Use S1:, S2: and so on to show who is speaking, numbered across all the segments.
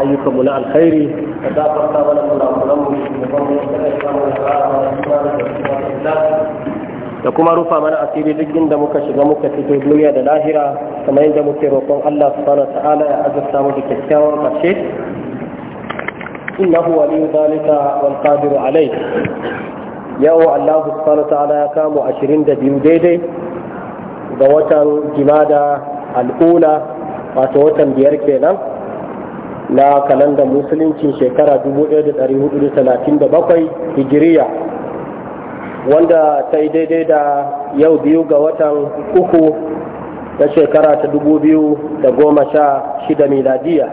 S1: أيكم ولا الخير تدافرت ولا ولا da kuma rufa mana asiri duk inda muka shiga muka fito duniya da lahira kamar yadda muke roƙon Allah subhanahu ta'ala ya azurta mu da kyakkyawan ƙarshe innahu waliyu zalika wal qadiru alayh yau Allah subhanahu ta'ala ya kamo 22 daidai ga watan jimada al'ula wato watan biyar kenan na kalanda musulunci shekara 1437 hijiriya wanda ta yi daidai da yau biyu ga watan uku na shekara ta 2016 miladiya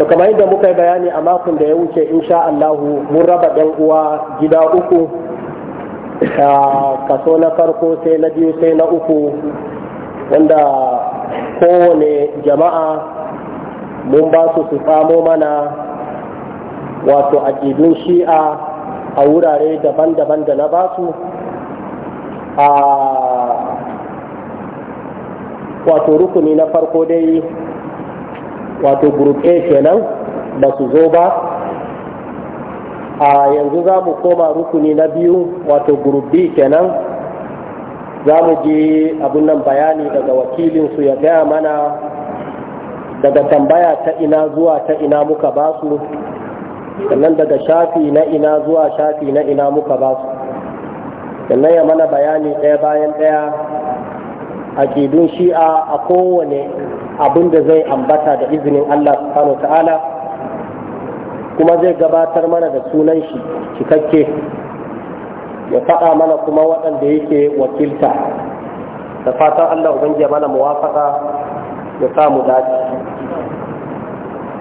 S1: to kamar yadda muka yi bayani a makon da ya wuce insha'Allahu mun raba 'yan uwa gida uku kaso na farko sai na biyu sai na uku wanda kowane jama'a mun ba su su samo mana wato aƙidun shi'a a wurare daban-daban da na ba su a wato rukuni na farko dai wato group kenan ba su zo ba a yanzu za mu koma rukuni na biyu wato gurubi kenan za mu ji abun nan bayani daga wakilin su ya gaya mana daga tambaya ta ina zuwa ta ina muka basu sannan daga shafi na ina zuwa shafi na ina muka basu sannan ya mana bayani ɗaya bayan ɗaya a gidun shi'a a kowane abin da zai ambata da izinin allah subhanahu ta'ala kuma zai gabatar mana da sunan shi cikakke ya faɗa mana kuma waɗanda yake wakilta da fatan Allah ubangiya mana muwafaka ya mu dace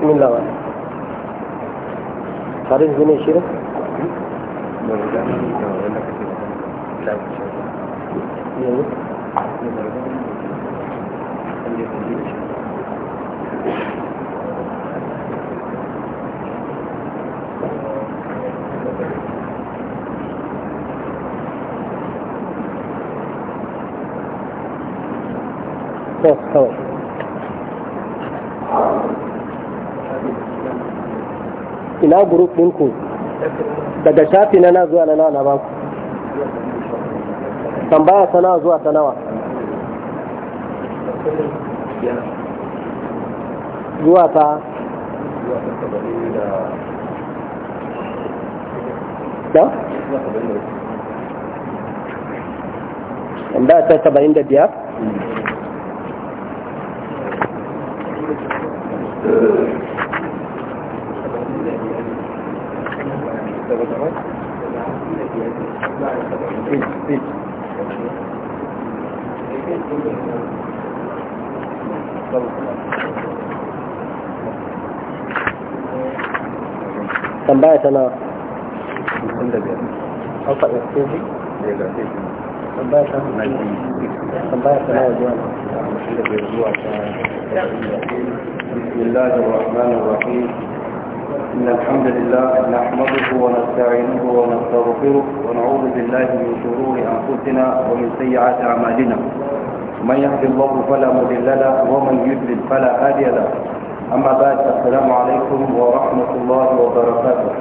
S1: bismillah karin zune shi
S2: Thank you.
S1: to kawai ina group ɗinku daga shafi na zuwa na nawa na baku tambaya ta nawa zuwa ta nawa zuwa ta da? tambaya ta saba'in da biyar tambaya tana
S2: an faɗa tambaya tana wajen بسم
S3: الله الرحمن الرحيم إن الحمد لله نحمده ونستعينه ونستغفره ونعوذ بالله من شرور أنفسنا ومن سيئات أعمالنا من يهد الله فلا مضل له ومن يضلل فلا هادي له أما بعد السلام عليكم ورحمة الله وبركاته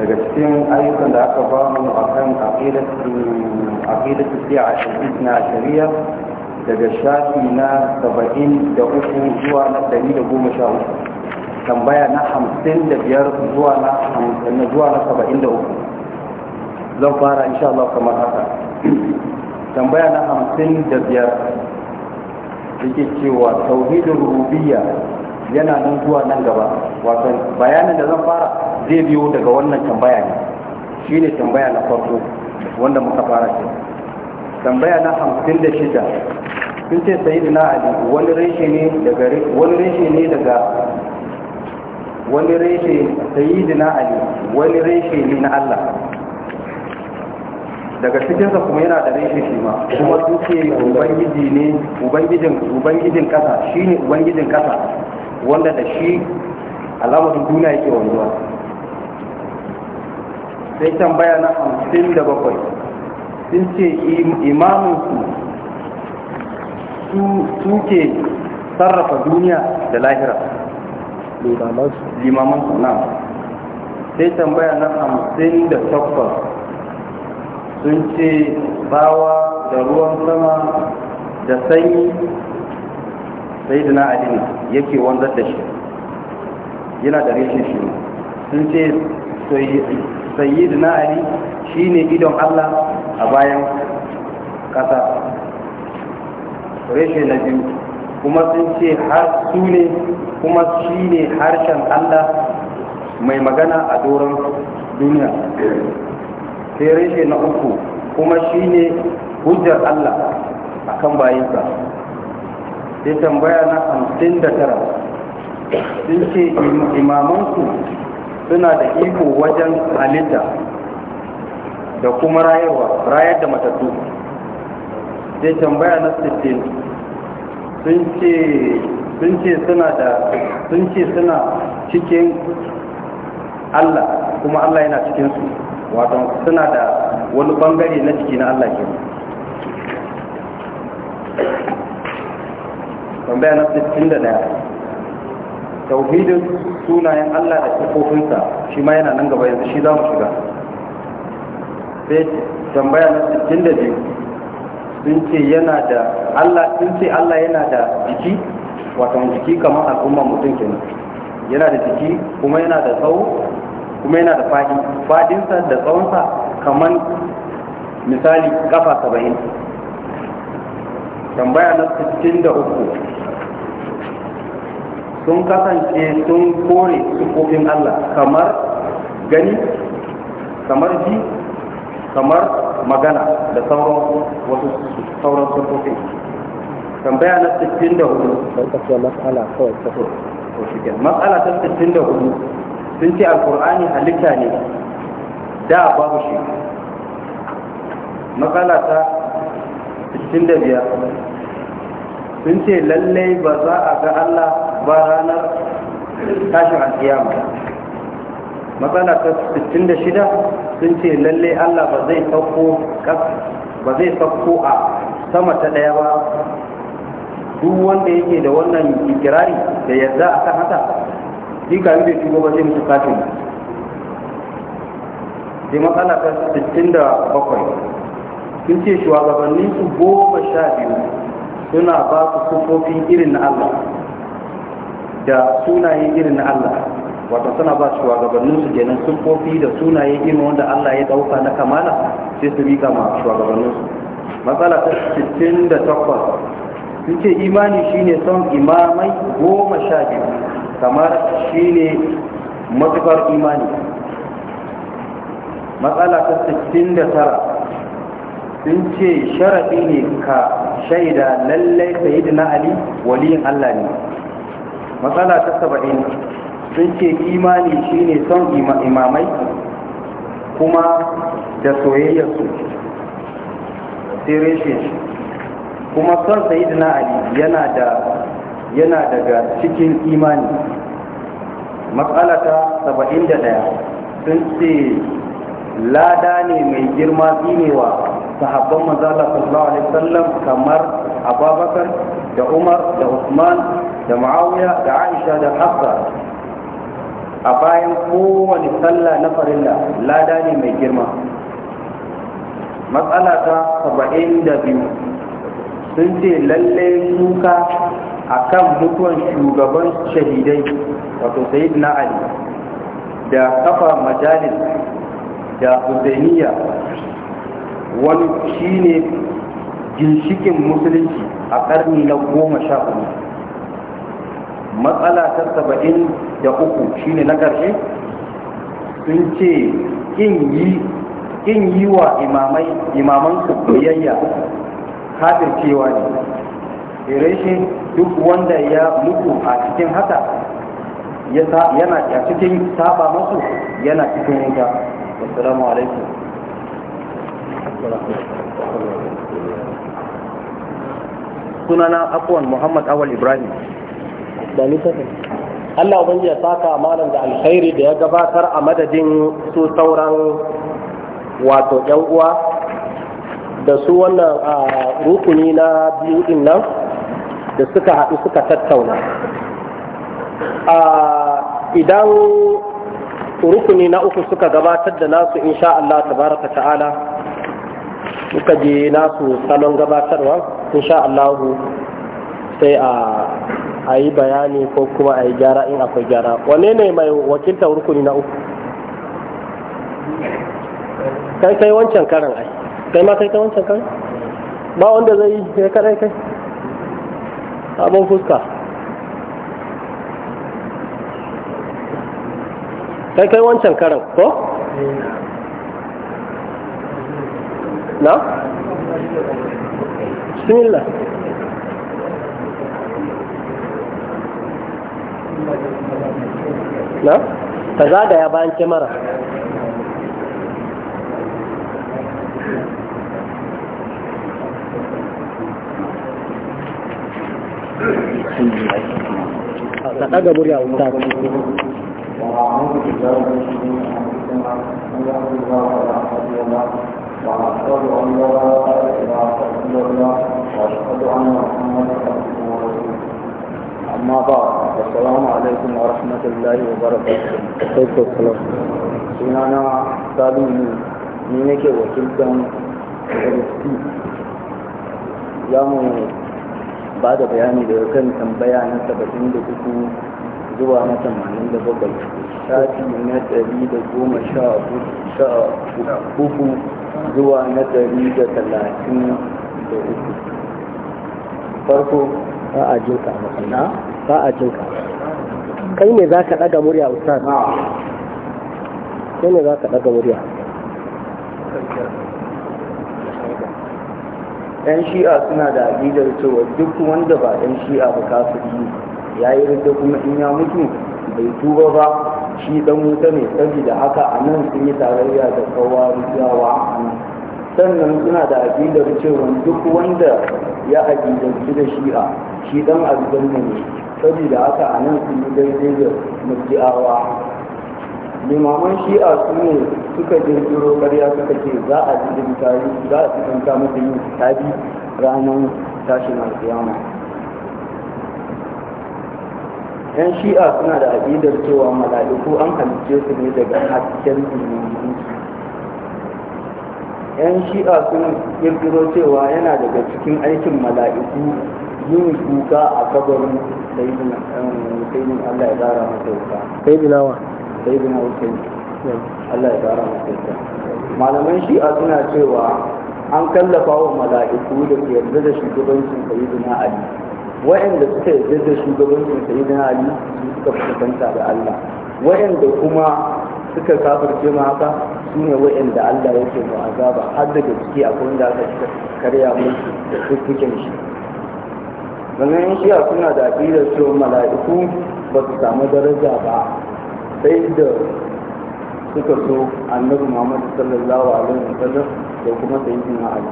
S3: daga cikin ayyukan da aka ba mu akan aqidatu aqidatu shi'a al daga shafi na saba'in da uku zuwa na ɗari da goma sha uku tambaya na hamsin da biyar
S1: zuwa na zuwa na saba'in da uku zan fara insha Allah kamar haka
S3: tambaya na hamsin da biyar yake cewa tauhidin rububiyya yana nan zuwa nan gaba wato bayanin da zan fara
S1: zai biyo daga wannan tambaya ne shine tambaya na farko wanda muka fara shi. tambaya na hamsin da shida sun ce sayi na ali wani reshe ne daga wani reshe ne daga wani reshe sayi na na'adi wani reshe ne na allah daga cikinsa kuma yana da reshe shi ma kuma sun ce ubangiji ne ubangijin ubangijin kasa shi ne ubangijin kasa wanda da shi alamarin duniya yake wanzuwa sai tambaya na hamsin da bakwai sun ce imaminsu su ke sarrafa duniya da lahira limamansu na
S3: sai tambaya na hamsin da takwas sun ce bawa da ruwan sama da sanyi sai da na'adini yake wanzar da shi yana da rikin shi sun ce sayi da na'ari shi ne idon allah a bayan
S1: ƙasa reshe na biyu kuma sun ce har su ne kuma shi ne harshen allah mai magana a doron duniya sai reshe na uku kuma shi ne hujjar allah a kan bayansa sai tambaya na hamsin da tara sun ce imamansu suna da iko wajen halitta da kuma rayuwa rayar da matattu sai tambaya na 16 sun ce sun ce suna da sun ce suna cikin Allah kuma Allah yana cikin su wato suna da wani bangare na ciki na Allah ke tambaya na 61 tauhidin sunayen Allah da sifofinsa shi ma yana nan gaba yanzu shi za mu shiga sai tambaya na da biyu sun ce yana da Allah sun ce Allah yana da jiki wato jiki kamar al'umma mutum ke yana da jiki kuma yana da tsawo kuma yana da fadi fadinsa da tsawonsa kamar misali kafa saba'in tambaya na da uku sun kasance sun kore sukofin Allah kamar gani kamar ji kamar magana
S3: da sauran wasu sauran sufofi tambaya na 64 hudu,
S1: ka ce mas'ala kawai ta so
S3: shi ke mas'ala ta 64 sun ce
S1: alqur'ani halitta ne da babu shi matsala ta 65 sun ce lallai ba za a ga Allah ba ranar tashin alkiyama matsala ta 66 sun ce lalle Allah ba zai sauko ba zai a sama ta daya ba duk wanda yake da
S3: wannan ikirari da yadda a haka shi ka yi bai shigo ba zai mutu kafin sai matsala ta 67
S1: sun ce shugabannin su goma sha biyu suna ba su sufofi irin na Allah da sunaye irin na Allah wato suna ba shugabannin su kenan kofi da sunaye irin wanda Allah ya dauka na kamala sai su bi kama shugabannin
S3: su matsala ta 68 sun ce imani shine son imamai goma sha biyu kamar shine matukar
S1: imani matsala ta 69 sun ce sharaɗi ne ka shaida lallai sayidina ali waliyin
S3: Allah ne matsala ta 70 sun ce imani shine son imamai kuma da soyayya su
S1: sai kuma son sayyidina ali yana da yana daga cikin imani matsalata 71 sun ce lada ne mai girma tsinewa sahabban mazala sallallahu alaihi wasallam kamar abubakar da umar da usman da ma'awiya da aisha da hafsa a bayan kowane sallah na farilla lada ne mai girma matsala ta saba'in da biyu sun ce lalle suka a
S3: kan mutuwan shugaban shahidai wato sayid na ali da kafa majalis da husainiya wani shine ginshikin musulunci a karni na goma sha
S1: matsala ta saba'in da uku shine na ƙarshe sun ce kin yi wa imaman su biyayya cewa ne irishin duk wanda ya mutu a cikin haka yana a cikin saba masu yana cikin yanka. alaikum sunana akwai muhammad awal ibrahim da littafin Allah ubangi ya saka malam da alkhairi da ya gabatar a madadin su sauran wato yan uwa da su wannan a rukuni na biyu din nan da suka haɗu suka tattauna idan rukuni na uku suka gabatar da nasu insha Allah tabaraka ta'ala suka je nasu salon gabatarwa insha Allah sai a a yi bayani ko kuma a yi gyara in akwai gyara wane ne mai wakilta rukuni na uku kai kai wancan karan ai kai ma kai kai wancan karan ba wanda zai yi kai kadai kai sabon fuska kai kai wancan karan ko na
S2: bismillah na ka
S1: zagaya bayan
S2: kyamara ka ɗaga murya wuta الله رسول
S3: أما بعد السلام عليكم ورحمة الله وبركاته عليكم السلام sunana salu ne ni nake wakiltan rufi za mu ba da bayani daga kan tambaya na saba'in da uku zuwa na tamanin da bakwai sati na ɗari da goma sha zuwa na da talatin da uku farko ba a jin ka
S1: ba a jin ka kai ne za ka ɗaga murya ustaz kai ne za ka ɗaga murya
S3: yan shi'a suna da aƙidar cewa duk wanda ba yan shi'a ba kafiri ya yi rida kuma in ya mutu bai tuba ba shi dan wuta ne saboda haka a nan sun yi tarayya da kowa rijawa a nan sannan suna da aƙidar cewa duk wanda ya aƙidanci da shi'a shi dan aljanna ne saboda aka a nan su yi daidai da murji'awa limaman shi'a su ne suka jirgiro ƙarya suka ce za a jirgin tarihi za a cikin ta da yin tabi ranar tashin alƙiyama yan shi'a suna da aƙidar cewa mala'iku an halicce su ne daga hasken su yan shi'a sun kirkiro cewa yana daga cikin aikin mala'iku yin kuka a kabarin sayyidina um, Allah ya tsara masa wuta sayyidina wa sayyidina Hussein Allah ya tsara masa wuta malaman shi'a suna cewa an kallafa wa mala'iku da ke yarda da shugabancin sayyidina Ali wa'anda suka yarda da shugabancin sayyidina Ali su suka fuskanta da Allah wa'anda kuma suka kafirce ma haka su ne wa'anda Allah yake mu azaba har da a akwai wanda aka karya musu da fuffuken shi sannan in shiya suna da aƙidar cewa mala'iku ba su samu daraja ba sai da suka so annabi Muhammad sallallahu alaihi sallam da kuma sayyidina Ali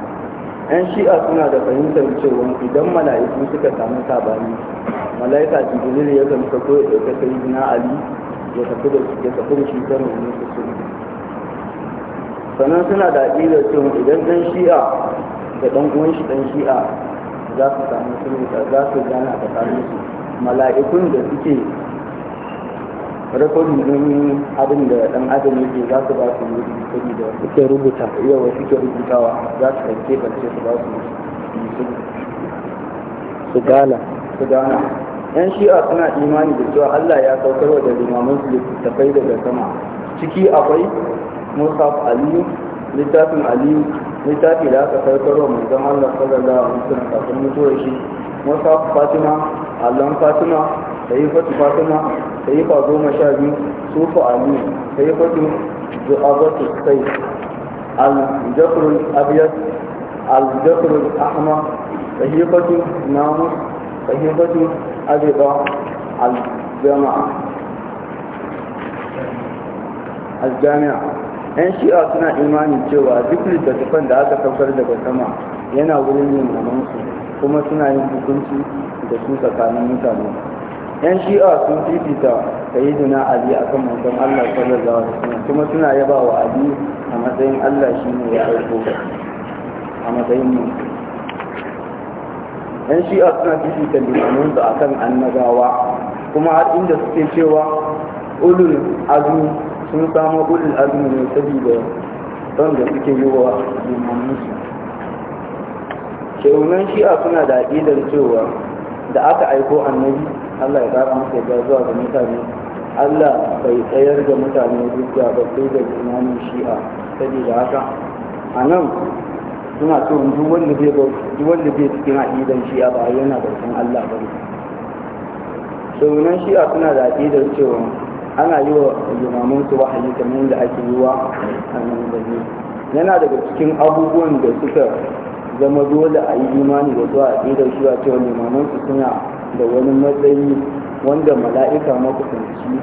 S3: yan shi'a suna da fahimtar cewa idan mala'iku suka samu sabani mala'ika jibril ya zama ko ya yi sayyidina Ali ya tafi da shi sannan suna da aƙidar cewa idan ɗan shi'a da ɗan uwan shi ɗan shi'a za su samu sulhu za su gana tsakanin su mala'ikun da suke rakon din abin da ɗan adam yake za su ba su wuri saboda suke rubuta yawa suke rubutawa za su kance kance su ba su su gana su gana yan shi'a suna imani da cewa Allah ya saukar wa da limaman su littattafai daga sama ciki akwai musaf aliyu littafin aliyu littafi da aka saukar wa manzon Allah sallallahu alaihi wasallam kafin mutuwar shi musaf fatima allon fatima da yi fatu fatima da yi goma sha biyu sufu aliyu da yi fatu zu'abatu sai al-jafr al-abyad al-jafr al-ahmar da yi fatu namus da yi fatu حفظ الجماعة الجامعة yan shi'a suna imanin cewa duk littattafan da aka saukar daga sama yana wurin yin su kuma suna yin hukunci da su tsakanin mutane yan shi'a sun fifita sayyidina ali akan manzon Allah sallallahu alaihi kuma suna yaba wa ali a matsayin Allah shine ya aiko a matsayin mutum dan shi'a suna fifita limamansu a kan annabawa kuma har inda suke cewa ulul azmi sun samu ulul azmi ne saboda wanda suke yi wa limamansu shehunan shi'a suna da aƙidar cewa da aka aiko annabi allah ya ƙara masa ya zuwa ga mutane allah bai tsayar da mutane duk da ba sai da imanin shi'a saboda haka a nan suna so duk wanda zai duk wanda zai cikin aqidan shi'a ba yana bautan Allah ba sauran shi'a suna da aqidar cewa ana yi wa imamun su wahayi kamar yadda ake yi wa annabi ne yana daga cikin abubuwan da suka zama dole a yi imani da zuwa aqidar shi'a cewa imamun su suna da wani matsayi wanda mala'ika makusanci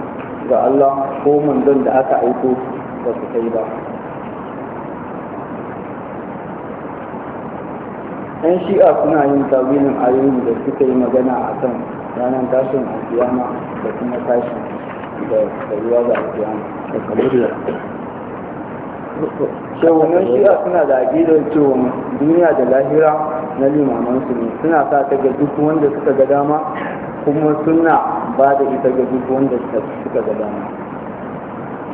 S3: ga Allah ko manzon da aka aiko ba su kai ba yan shi'a suna yin tawilin ayoyin da suka yi magana a kan ranar tashin alkiyama da kuma tashin da tsayuwa da alkiyama da kamar shawunan shi'a suna da agidar cewa duniya da lahira na su ne suna sa ta ga duk wanda suka ga dama kuma suna ba da ita ga duk wanda suka ga dama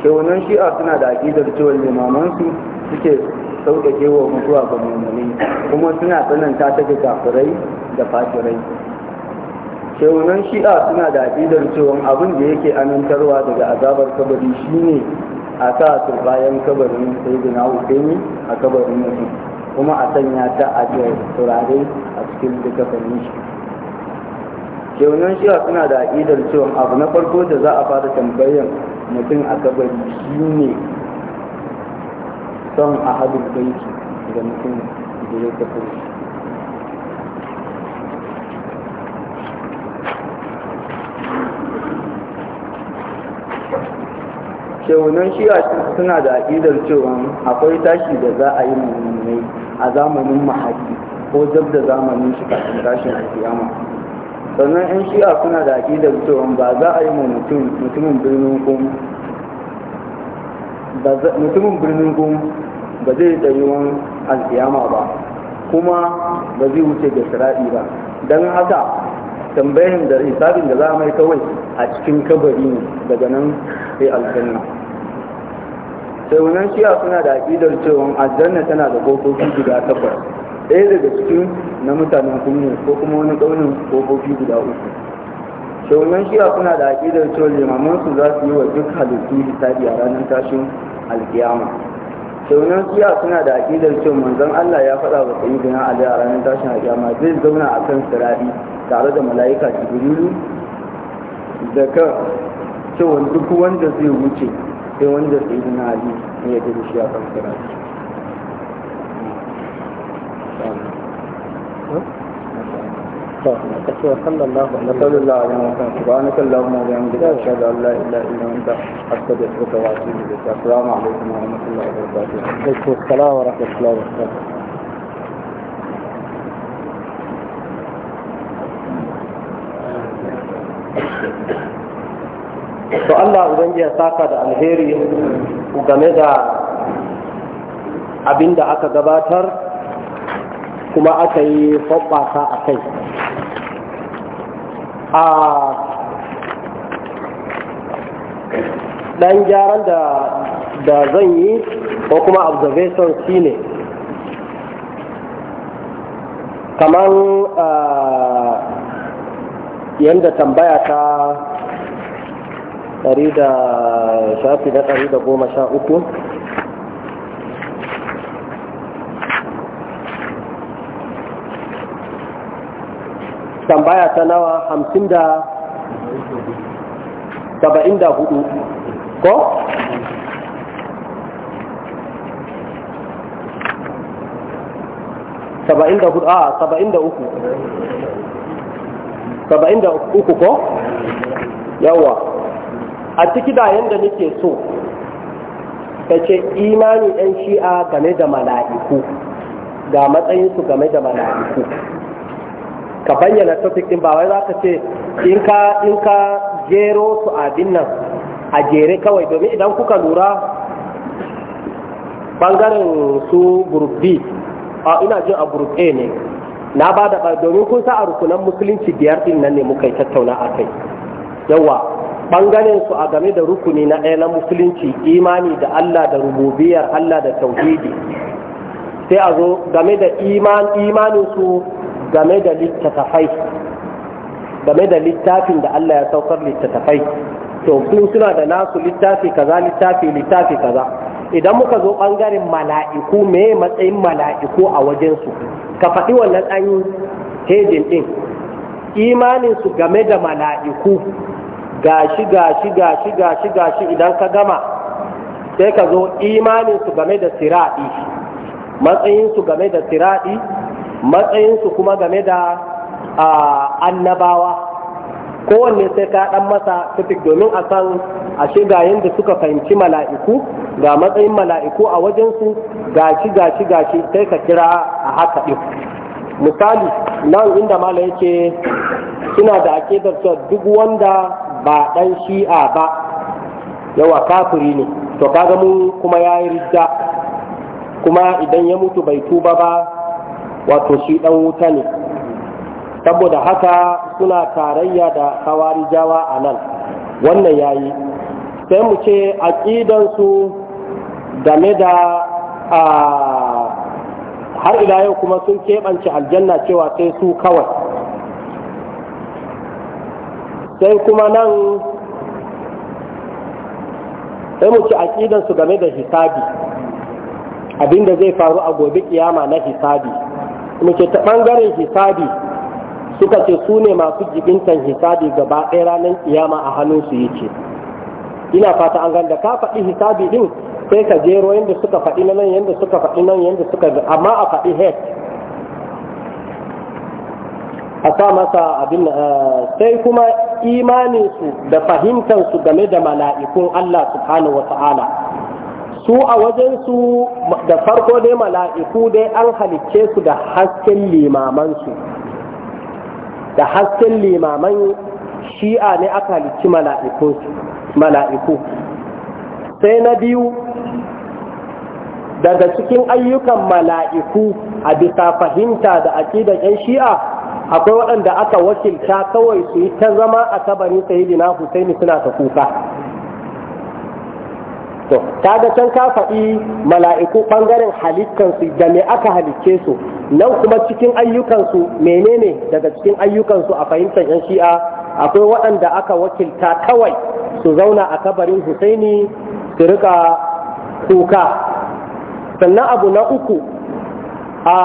S3: shawunan shi'a suna da agidar cewa su suke sauƙaƙe wa mutuwa ga mummuni kuma suna tsananta ta ga kafirai da fasirai shewunan shi'a suna da aƙidar cewa abin da yake amintarwa daga azabar kabari shine a sa su bayan kabarin sayyidina husaini a kabarin mutum kuma a sanya ta a turare a cikin duka shi shaunan shi'a suna da aƙidar cewa abu na farko da za a fara tambayan mutum a kabari shi ne son a hadin banki da mutum da ya tafi Shaunan shiya suna da aƙidar cewa akwai tashi da za a yi mummunai a zamanin mahaki ko jab da zamanin shi kafin tashin alkiyama sannan 'yan shiya suna da aƙidar cewa ba za a yi ma mutumin birnin kuma mutumin birnin gum ba zai wani alkiyama ba kuma ba zai wuce da sira'i ba don haka tambayin da hisabin da za a mai kawai a cikin kabari ne daga nan sai aljanna sai wannan shiya suna da aƙidar cewa aljanna tana da kofofi guda takwas ɗaya daga cikin na mutanen kunne ko kuma wani ƙaunin kofofi guda uku shugaban shiya kuna da aƙidar cewa limaman su za su yi wa duk halittu hisabi a ranar tashin alkiyama shugaban shiya suna da aƙidar cewa manzon Allah ya faɗa wa sayyidina Ali a ranar tashin alkiyama zai zauna a kan sirari tare da mala'ika jibrilu da kan cewa duk wanda zai wuce sai wanda sayyidina Ali ne ya gudu shi a kan sirari صلى الله عليه وسلم الله عليه وسلم ان لا اله الا انت الله الله
S1: to Allah ubangiji ya saka da alheri game da abin aka gabatar kuma aka yi hoɓɓasa a kai a ɗan gyaran da zan yi ko kuma observation shi ne kamar yadda
S3: tambaya ta ɗari da shafi na ɗari da goma sha uku
S1: tambaya ta nawa hamsin da saba'in da hudu ko? saba'in da hudu a saba'in da uku saba'in da uku ko? yawa a ciki da yadda nake so ta ce imani 'yan shi'a game da mala'iku ga matsayinsu game da mala'iku ka bayyana topic din ba wai za ka ce in ka in ka jero su abin nan a jere kawai domin idan kuka lura bangaren su group B a ina jin a group A ne na ba da domin kun sa a rukunan musulunci biyar din nan ne muka yi tattauna a kai yawa bangaren su a game da rukuni na ɗaya na musulunci imani da Allah da rububiyar Allah da tauhidi sai a zo game da iman imanin su game da littattafai game da littafin da Allah ya saukar littattafai to kun suna da nasu littafi kaza littafi littafi kaza idan muka zo bangaren mala'iku me matsayin mala'iku a wajensu ka faɗi wannan ɗan hejin ɗin imanin su game da mala'iku gashi gashi gashi gashi gashi idan ka gama sai ka zo imanin su game da siradi matsayin su game da siradi matsayinsu kuma game da annabawa kowanne sai ka dan masa tufik domin a san a ga yadda suka fahimci mala'iku ga matsayin mala'iku a wajensu gashi gashi gashi sai ka kira a haka ɗin misali nan inda mala yake suna da ake cewa duk wanda ba ɗan shi'a ba yawa kafiri ne to kaga mun kuma ya yi ridda kuma idan ya mutu bai tuba ba wato shi dan wuta ne saboda haka suna tarayya da hawarijawa a nan wannan yayi sai mu ce aƙidansu game da har ila yau kuma sun keɓance aljanna cewa sai su kawai sai kuma nan sai mu ci game da hisabi abinda zai faru a gobe kiyama na hisabi muke ta ɓangaren hisabi suka ce su ne masu jibintan hisabi gaba ɗaya ranar kiyama a hannunsu yake ina fata an ganda ka faɗi hisabi ɗin sai ka jero yadda suka faɗi na nan yadda suka faɗi nan yadda suka amma a faɗi hek a sa masa abin eh, sai kuma imaninsu da fahimtansu game da mala'ikun Allah subhanahu wa ta'ala su a su da farko dai mala'iku dai an halicce su da hasken limamansu da hasken limaman shi'a ne aka halicci mala'iku sai na biyu daga cikin ayyukan mala'iku a bisa fahimta da aƙidan 'yan shi'a akwai waɗanda aka wakilta kawai su yi ta zama a kabarin sayidina Husaini suna ta kuka to kaga can ka faɗi mala'iku ɓangaren halittansu da me aka halicce su nan kuma cikin ayyukansu menene daga cikin ayyukansu a fahimtar yan shi'a akwai waɗanda aka wakilta kawai su zauna a kabarin husaini su rika kuka sannan abu na uku a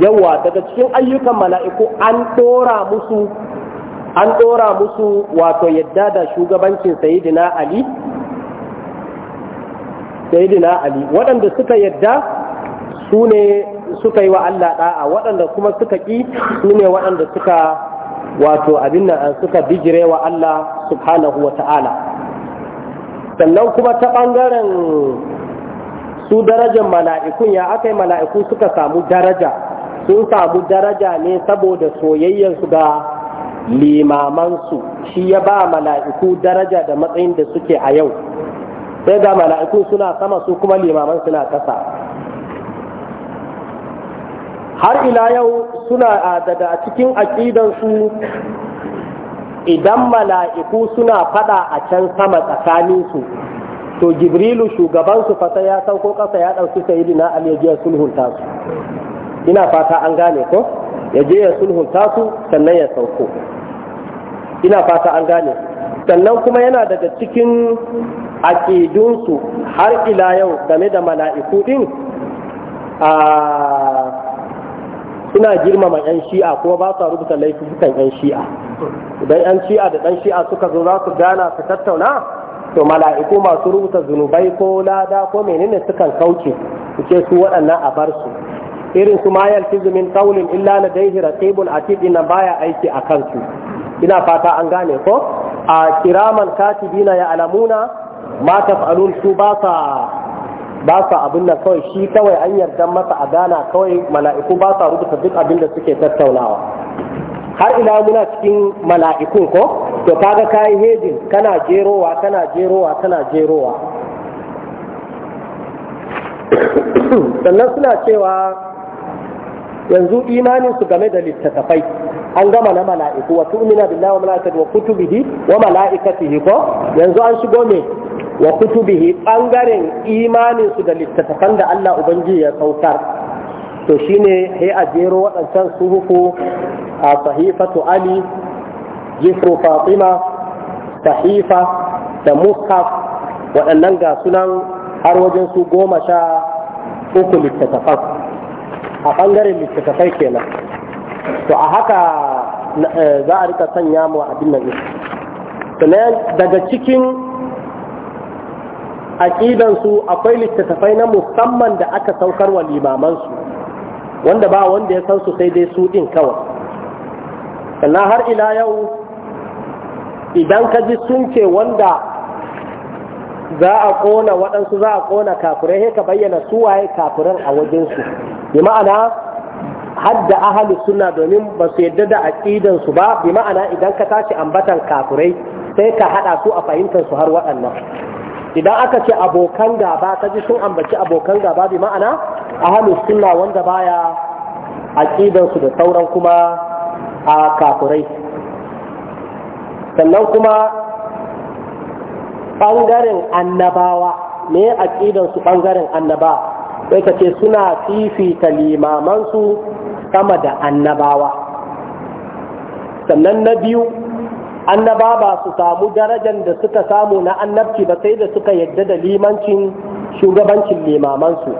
S1: yawa daga cikin ayyukan mala'iku an ɗora musu an ɗora musu wato yadda da shugabancin sayidina ali sayidina ali waɗanda suka yadda su ne suka yi wa Allah ɗa'a waɗanda kuma suka ƙi su ne waɗanda suka wato abin nan suka bijire wa Allah subhanahu wa ta'ala sannan kuma ta ɓangaren su darajar mala'ikun ya aka yi mala'iku suka samu daraja sun samu daraja ne saboda soyayyarsu ga limamansu shi ya ba mala'iku daraja da matsayin da suke a yau sai ga mala'iku suna sama su kuma limaman suna kasa, har ila yau suna daga cikin aƙidansu idan mala'iku suna fada a can sama tsakaninsu to jibrilu shugabansu fata ya sauko ƙasa ya ɗauki sayidina ali ya je sulhunta su ina fata an gane ko ya je ya sulhunta su sannan ya sauko ina fata an gane sannan kuma yana daga cikin aƙidunsu har ila yau game da mala'iku din a suna girmama 'yan shi'a kuma ba su rubuta laifukan 'yan shi'a idan 'yan shi'a da ɗan shi'a suka zo za su gana su tattauna to mala'iku masu rubuta zunubai ko lada ko menene sukan kauce su ce su waɗannan a bar su irin su ma yalfizu illa na daihira tebul a cikin ina baya aiki a kansu ina fata an gane ko a kiraman katibina ya alamuna ma taf'alun su ba sa abin nan kawai shi kawai an yarda masa a gana kawai mala'iku ba sa rubuta duk abin da suke tattaunawa har ila muna cikin mala'ikun ko to kaga kai hejin kana jerowa kana jerowa kana jerowa sannan suna cewa yanzu imanin su game da littattafai an gama na mala'iku wa tu'mina billahi wa malaikatihi wa kutubihi wa malaikatihi ko yanzu an shigo ne wa kutubihi bangaren imanin su da littattafan da Allah ubangiji ya saukar to shine sai a jero waɗancan suhufu a sahifatu ali jifru fatima sahifa da mushaf waɗannan ga sunan har wajen su goma sha uku littattafan a bangaren littattafai kenan to a haka eh, za a rika sanya mu abin nan sannan daga cikin aƙidansu akwai littattafai na musamman da aka saukar wa limamansu wanda ba wanda ya san su sai dai su ɗin kawai sannan har ila yau idan ka ji sun ce wanda za a ƙona waɗansu za a ƙona kafirai ka bayyana su waye kafiran a wajensu bi ma'ana hadda ahli suna domin ba su yadda da aqidan su ba bi ma'ana idan ka tashi ambatan kafirai sai ka hada su a fahimtar su har waɗannan idan aka ce abokan gaba ka ji sun ambaci abokan gaba bi ma'ana ahalu suna wanda baya aqidan su da sauran kuma a kafirai sannan kuma bangaren annabawa me aqidan su ɓangaren annaba sai ka ce suna fifita limamansu sama da annabawa sannan na biyu annaba ba su samu darajar da suka samu na annabci ba sai da suka yadda da limancin shugabancin limamansu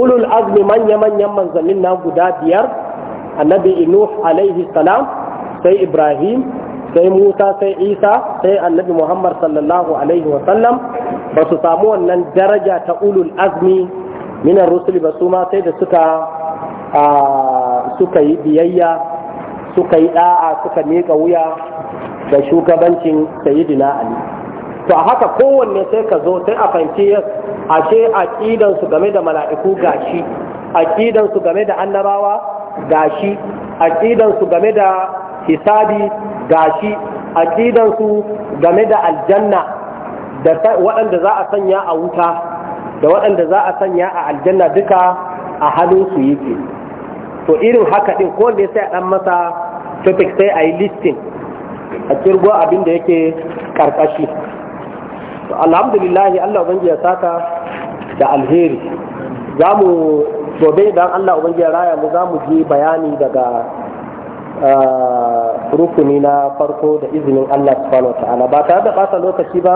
S1: ulul azmi manya-manyan manzannin na guda biyar annabi inuh alaihi salam sai ibrahim sai musa sai isa sai annabi muhammad sallallahu alaihi wasallam ba su samu wannan daraja ta ulul azmi minan rusuli ba su ma sai da suka suka yi biyayya suka yi da'a suka miƙa wuya da shugabancin sayidina ali to a haka kowanne sai ka zo sai a fahimci a aƙidansu game da mala'iku gashi aƙidansu game da annabawa gashi aƙidansu game da hisabi gashi aƙidansu game da aljanna da waɗanda za a sanya a wuta da waɗanda za a sanya a aljanna duka a su yake to irin haka din ko ne sai a dan masa topic sai a yi listing a kirgo abin da yake karkashi to alhamdulillah Allah ubangi ya saka da alheri za mu gobe idan Allah ubangi ya raya mu za mu ji bayani daga ah, rukuni na farko da izinin Allah subhanahu ta'ala ba tare da ɓata lokaci ba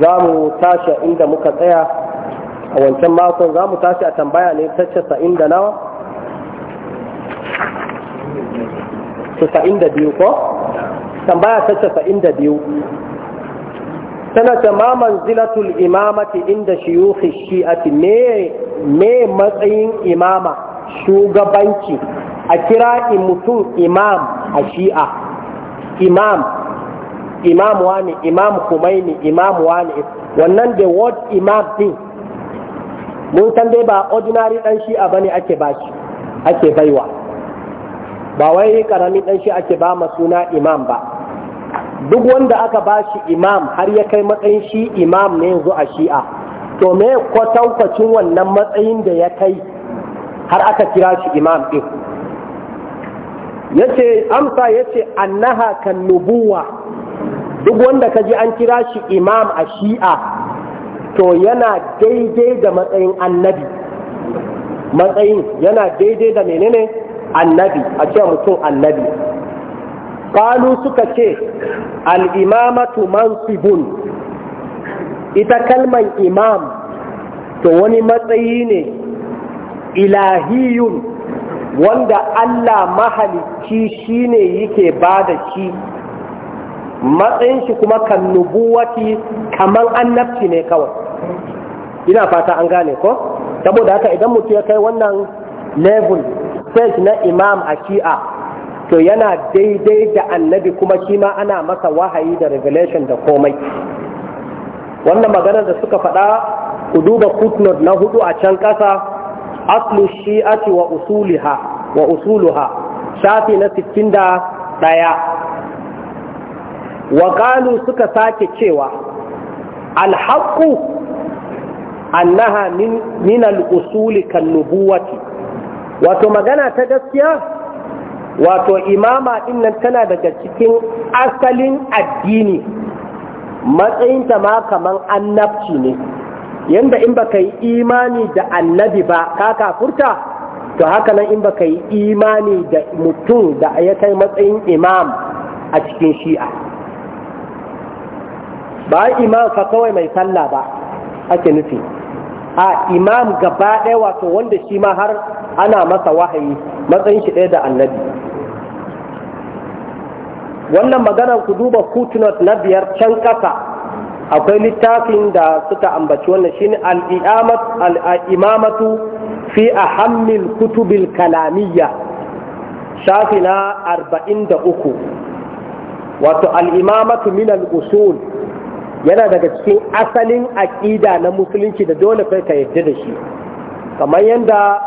S1: za mu tashi inda muka tsaya a wancan makon za mu tashi a tambaya ne ta casa'in da nawa casa'in da biyu ko tambaya ta casa'in da biyu tana ce ma manzilatul imamati inda shiyuhi shi'ati me me matsayin imama shugabanci a kira mutum imam a shi'a imam imam wani imam kumaini imam wani wannan da word imam din mun san dai ba ordinary dan shi'a bane ake shi ake baiwa ba wai karamin dan shi ake ba ma suna imam ba duk wanda aka ba shi imam har ya kai matsayin shi imam ne yanzu a shi'a to me kwatankwacin wannan matsayin da ya kai har aka kira shi imam din yace amsa yace annaha kan nubuwa duk wanda kaji an kira shi imam a shi'a to yana daidai da matsayin annabi matsayin yana daidai da menene annabi a ce mutum annabi qalu suka ce al’imamatu mansibun ita kalman imam to wani matsayi ne ilahiyun wanda Allah mahalicci shine yake ba da shi matsayin shi kuma kan nubuwati Kamar annabci ne kawai ina fata an gane ko saboda haka idan mutu ya kai wannan level percentage na imam a shi'a to yana daidai da annabi kuma shi ma ana masa wahayi da revelation da komai wannan maganar da suka faɗa ku duba footnote na hudu a can ƙasa aslu shi'ati wa usuliha wa usuluha shafi na 61 wa qalu suka sake cewa alhaqu annaha min min al-usuli kan nubuwati wato magana ta gaskiya wato imama din nan tana daga cikin asalin addini matsayinta ma kaman annabci ne yanda in baka yi imani da annabi ba ka kafurta to haka nan in baka yi imani da mutum da ya kai matsayin imam a cikin shi'a ba imam fa kawai mai sallah ba ake nufi a imam gaba ɗaya wato wanda shi ma har ana masa wahayi matsayin shi ɗaya da annabi wannan maganar ku duba footnote na biyar can ƙasa akwai littafin da suka ambaci wannan shi ne al’imamatu fi ahammil kutubil kalamiyya shafi na arba'in da uku wato al-imamatu min usul yana daga cikin asalin aƙida na musulunci da dole kai ka yadda da shi kamar yadda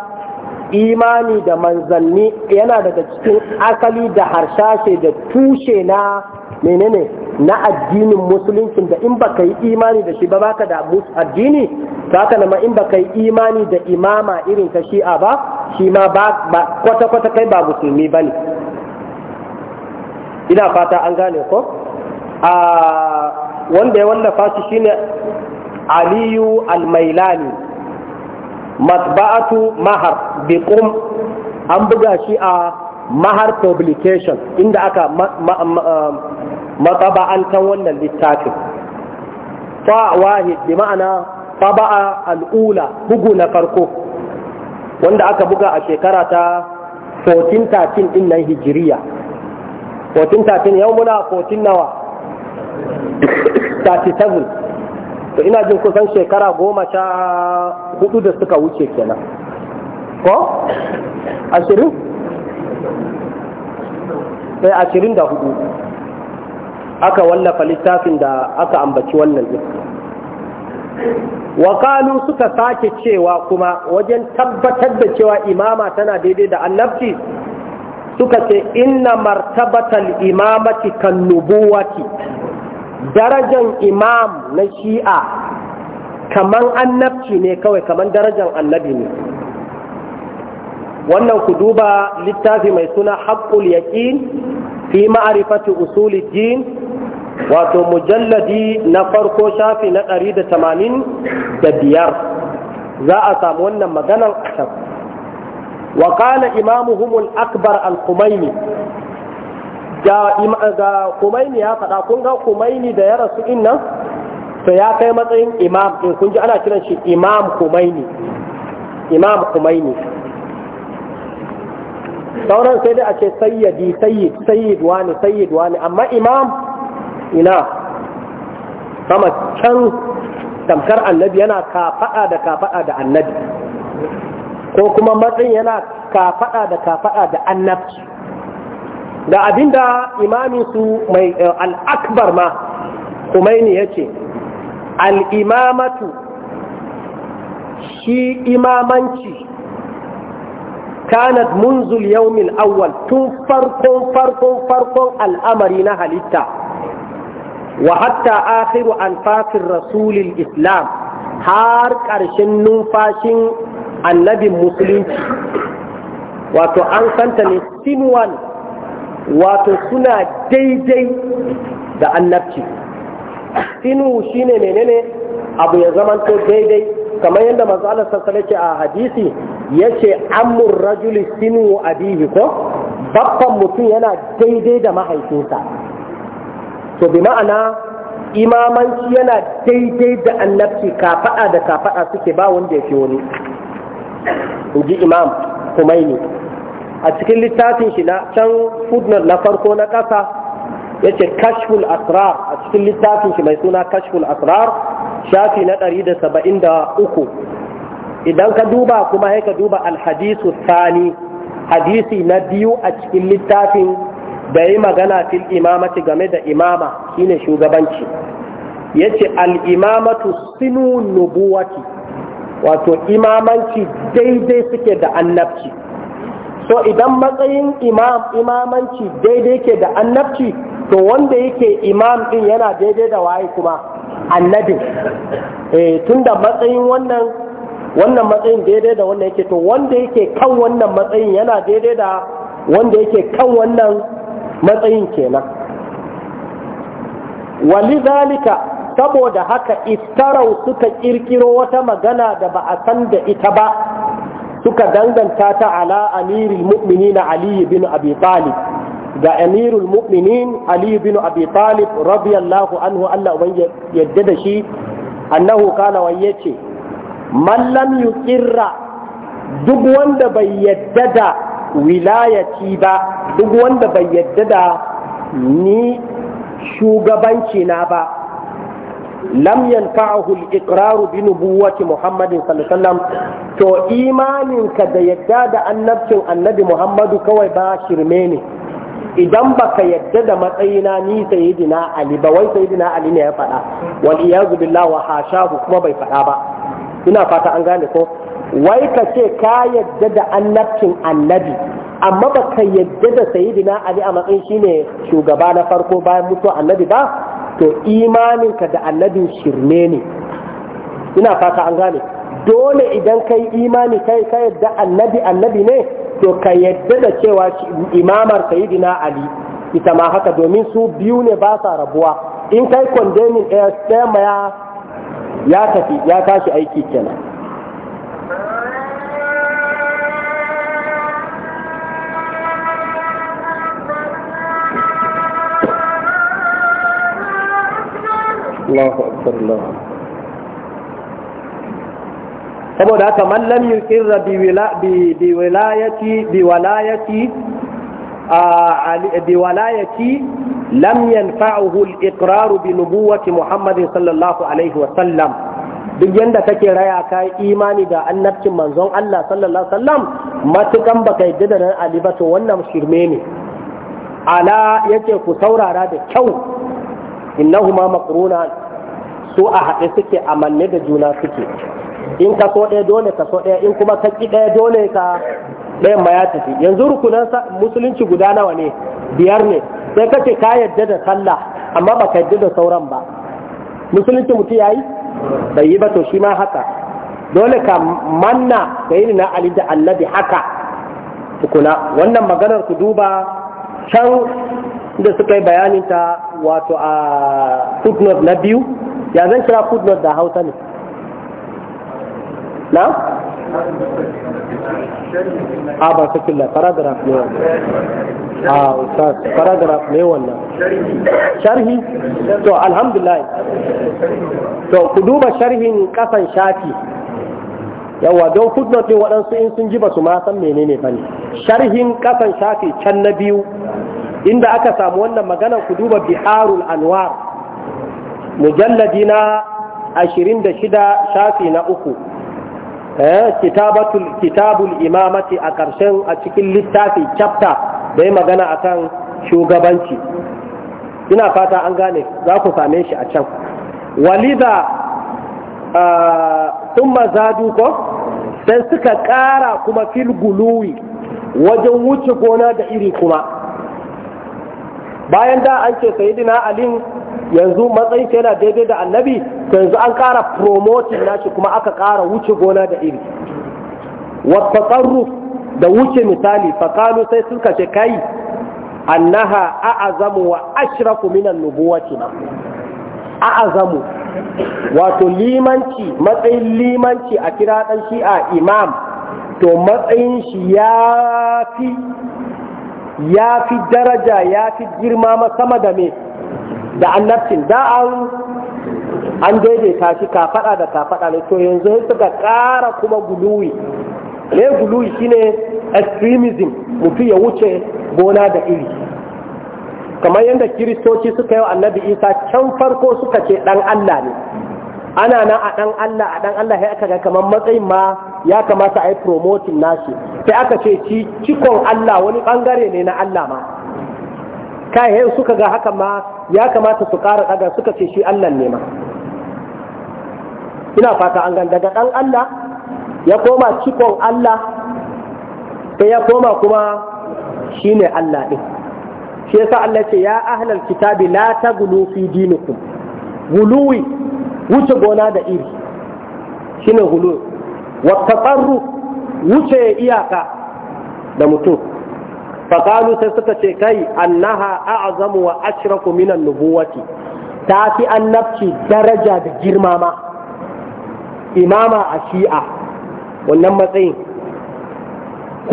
S1: imani da manzanni yana daga cikin asali da harshashe da tushe na menene na addinin musulunci da in baka yi imani da shi ba baka da addini ka nama in baka yi imani da imama irin ka shi'a ba shi ma ba kwata-kwata kai ba musulmi ba ne ina fata an gane ko ah, wanda ya wallafa shi shine aliyu almailani matba'atu mahar biqum an buga shi a mahar publication inda aka um, mataba'antan wannan littafin fa wahid bi ma'ana taba'a al'ula bugu na farko wanda aka buga a shekara ta 1413 din nan hijiriya 1413 yau muna 14 nawa 37 to ina jin kusan shekara goma sha hudu da suka wuce kenan
S2: ko ashirin
S1: sai eh, ashirin da hudu aka wallafa littafin da aka ambaci wannan wakalu suka sake cewa kuma wajen tabbatar da cewa imama tana daidai da annabci suka ce inna martabatar imamati kan nubuwati darajan imam na shi'a kaman annabci ne kawai kaman darajan annabi ne wannan ku duba littafi mai suna haƙƙul yaƙin fi ma'arifati usuli din wato mujalladi na farko shafi na ɗari da tamanin da biyar za a samu wannan maganan a can wa ƙala imamuhumul akbar al-kumaini ga kumaini ya faɗa kun ga kumaini da ya rasu inna to ya kai matsayin imam in kun ji ana kiran shi imam kumaini imam kumaini sauran sai dai a ce sayyadi sayyid sayyid wani sayyid wani amma imam ina sama can tamkar annabi yana kafaɗa da kafaɗa da annabi ko kuma matsayin yana kafaɗa da kafaɗa da annabci da abinda imaminsu mai eh, al'akbar ma Khomeini ya ce al'imamatu shi imamanci kanat munzul yaumin awwal tun farkon farkon farkon al'amari na halitta wa hatta akhiru anfafin rasulil islam har ƙarshen numfashin annabin musulunci wato an santa ne sinwan wato suna daidai da annabci inu shine menene abu ya zamanto daidai kamar yadda manzo sassana ke a hadisi yace amur rajuli sinu bihi ko babban mutum yana daidai da mahaifinsa to bi ma'ana imamanci yana daidai da annabci kafaɗa da kafaɗa suke ba wanda ya fi wani in ji imam ne a cikin littafin shi na can footnote na farko na ƙasa ya ce kashful asrar a cikin littafin shi mai suna kashful asrar shafi na ɗari da saba'in da uku idan ka duba kuma ka duba alhadisu sani hadisi na biyu a cikin littafin da yi magana fil imamati game da imama shine shugabanci ya ce al'imamatu sinu nubuwati wato imamanci daidai suke da annabci to idan matsayin imam imamanci daidai ke da annabci to wanda yake imam din yana daidai da waye kuma annabin eh tunda matsayin wannan wannan matsayin daidai da wanda yake to wanda yake kan wannan matsayin yana daidai da wanda yake kan wannan matsayin kenan walidhalika saboda haka iftarau suka kirkiro wata magana da ba a san da ita ba suka danganta ta ala amirul mu'minin ali bin abi talib ga amirul mu'minin ali bin abi talib radiyallahu anhu Allah uban yadda da shi annahu kana wa yace man lam yuqirra duk wanda bai yadda da wilayati ba duk wanda bai yadda da ni shugabanci na ba lam yanfa'ahu al-iqraru bi nubuwwati Muhammadin sallallahu alaihi wasallam to imaninka da yadda da annabcin annabi Muhammadu kawai ba shirme ne idan baka yadda da matsayina ni sayyidina Ali ba wai sayyidina Ali ne ya faɗa wal iyazu billahi wa hashahu kuma bai faɗa ba ina fata an gane ko wai ka ce ka yadda da annabcin annabi amma baka yadda da sayyidina Ali a matsayin shine shugaba na farko bayan mutuwa annabi ba to imaninka da annabin shirme ne ina fata an gane dole idan kai imani kai ka yadda annabi annabi ne to ka yadda da cewa imamar ka dina ali ita ma haka domin su biyu ne ba sa rabuwa in kai kwandemin eh, ɗaya ɗaya ya tafi ya tashi aiki kenan saboda haka man lam yuqirra bi wilayati bi walayati bi walayati lam yanfa'uhu al-iqrar bi nubuwwati Muhammad sallallahu alaihi duk yanda kake raya ka imani da annabcin manzon Allah sallallahu alaihi wasallam baka yadda da nan Ali ba to wannan shirme ne ala yace ku saurara da kyau innahuma maqruna su a haɗe suke a manne da juna suke in ka so ɗaya dole ka so ɗaya in kuma ka ki ɗaya dole ka ɗayan ma ya tafi yanzu rukunan musulunci guda nawa ne biyar ne sai ka ka yadda da sallah amma ba ka yadda da sauran ba musulunci mutum yayi bai yi ba to shi ma haka dole ka manna da yi na ali da annabi haka tukuna wannan maganar ku duba can da suka yi bayanin ta wato a footnote na biyu ya zan kira footnote da hausa ne
S2: na? a ba
S1: su killa paragraph ne wannan a ustaz paragraph ne wannan sharhi to alhamdulillah to ku duba sharhin kasan shafi yawa don footnote ne waɗansu in sun ji ba su ma san menene ba ne sharhin kasan shafi can na biyu inda aka samu wannan magana ku duba biharul anwar mujalladi na 26 shafi na uku eh, kitabatul kitabul imamati a ƙarshen a cikin littafi chapter da ya magana akan shugabanci ina fata an gane za ku same shi a can walida sun eh, ko sai suka ƙara kuma fil wajen wuce gona da iri kuma bayan da an ce sayidina Ali, yanzu matsayin yana daidai da annabi to yanzu an kara promoting nashi kuma aka kara wuce gona da iri wa tasarruf da wuce misali fakalu sai suka ce kai annaha a'azamu wa ashrafu min an-nubuwati a'azamu wato limanci matsayin limanci a kira dan shi'a imam to matsayin shi ya fi ya fi daraja ya fi girma sama da me da annabcin da an an daidaita shi kafada da kafada ne to yanzu suka kara kuma guluwi ne guluwi shine extremism mutu ya wuce gona da iri kamar yadda kiristoci suka yi annabi isa can farko suka ce dan allah ne ana nan a dan allah a dan allah ya aka ga kamar matsayin ma ya kamata a yi promoting nashi sai aka ce cikon Allah wani bangare ne na Allah ma kayan suka ga haka ma ya kamata su ƙara daga suka ce shi Allah ne ma ina fata an gan daga dan Allah ya koma cikon Allah sai ya koma kuma shi ne Allah ɗin shi yasa Allah ce ya ahlal kitabi la tagulu fi dinikum guluwi wuce gona da iri shine guluwi wattaɓarru wuce iyaka da mutum faƙalu sai suka ce kai annaha a'zamu wa ashraku minan nubuwati ta fi annabci daraja da girma ma imama a shi'a wannan matsayin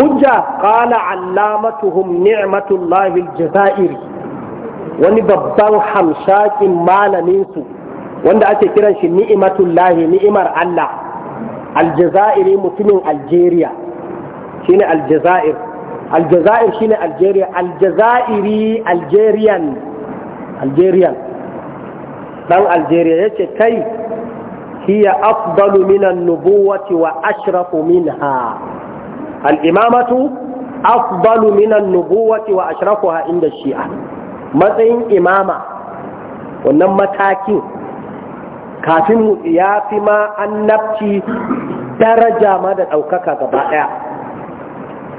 S1: hujja qala allamatuhum ni'matullahi jazairi wani babban hamshakin malaminsu, wanda ake kiran shi ni'matullahi ni'imar Allah aljazairi mutumin algeria shine aljazair aljazair shine algeria aljazairi algerian algerian dan algeria ce kai hiya afdalu minan nubuwati wa ashrafu minha al-imamatu afdalu minan nubuwati wa ashrafuha inda shi'a matsayin imama wannan matakin kafin ya fi ma annabci daraja ma da ɗaukaka gaba ɗaya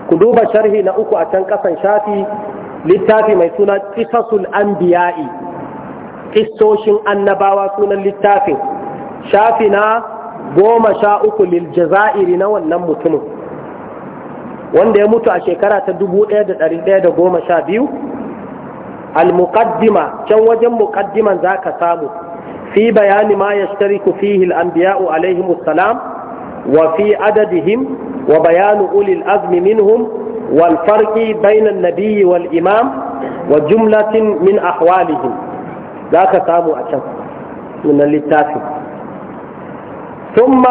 S1: ku duba sharhi na uku a can ƙasan shafi littafi mai suna ƙisasul anbiya'i ƙisoshin annabawa sunan littafin shafi na goma sha uku lil jaza'iri na wannan mutumin wanda ya mutu a shekara ta dubu ɗaya da ɗaya da goma sha biyu al-muqaddima can wajen muqaddiman za ka samu fi bayani ma yashtariku fihi al-anbiya'u alaihim assalam wa fi adadihim wa bayanu ulil azmi minhum wal farqi bayna an-nabiy wal imam wa jumlatin min ahwalihim zaka samu a can min littafin ثم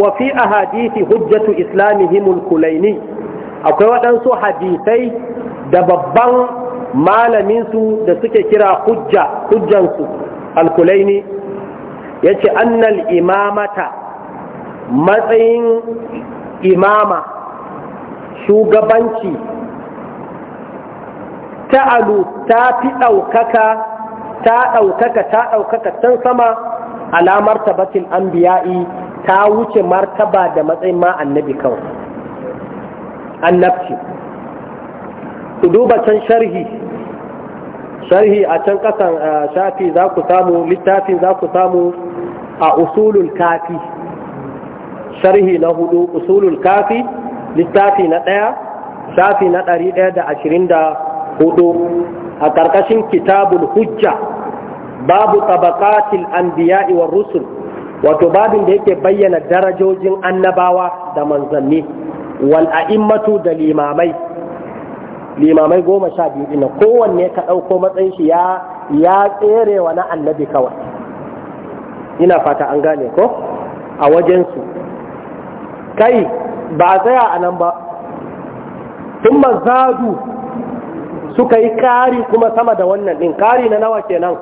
S1: وفي أحاديث حجة إسلامهم الكليني akwai waɗansu hadisai da babban malaminsu da suke kira hujja hujjansu alkulaini ya ce annal imamata matsayin imama shugabanci ta'alu ta fi ɗaukaka ta ɗaukaka ta ɗaukaka can sama alamarta bakin anbiya'i ta wuce martaba da matsayin ma annabi kawai annabci ku duba can sharhi sharhi a can kasan eh, shafi za ku samu littafin za ku samu a usulul kafi sharhi na hudu usulul kafi littafi na ɗaya shafi na ɗari ɗaya da ashirin da hudu a ƙarƙashin kitabul hujja babu tabaqatil anbiya'i war rusul wato babin da yake bayyana darajojin annabawa da manzanni wal a'immatu da limamai limamai goma sha biyu ɗin kowanne ka ɗauko matsayin shi ya ya tsere wa na annabi kawai ina fata an gane ko a wajensu kai ba a tsaya a nan ba tun mazadu suka yi kari kuma sama da wannan ɗin kari na nawa kenan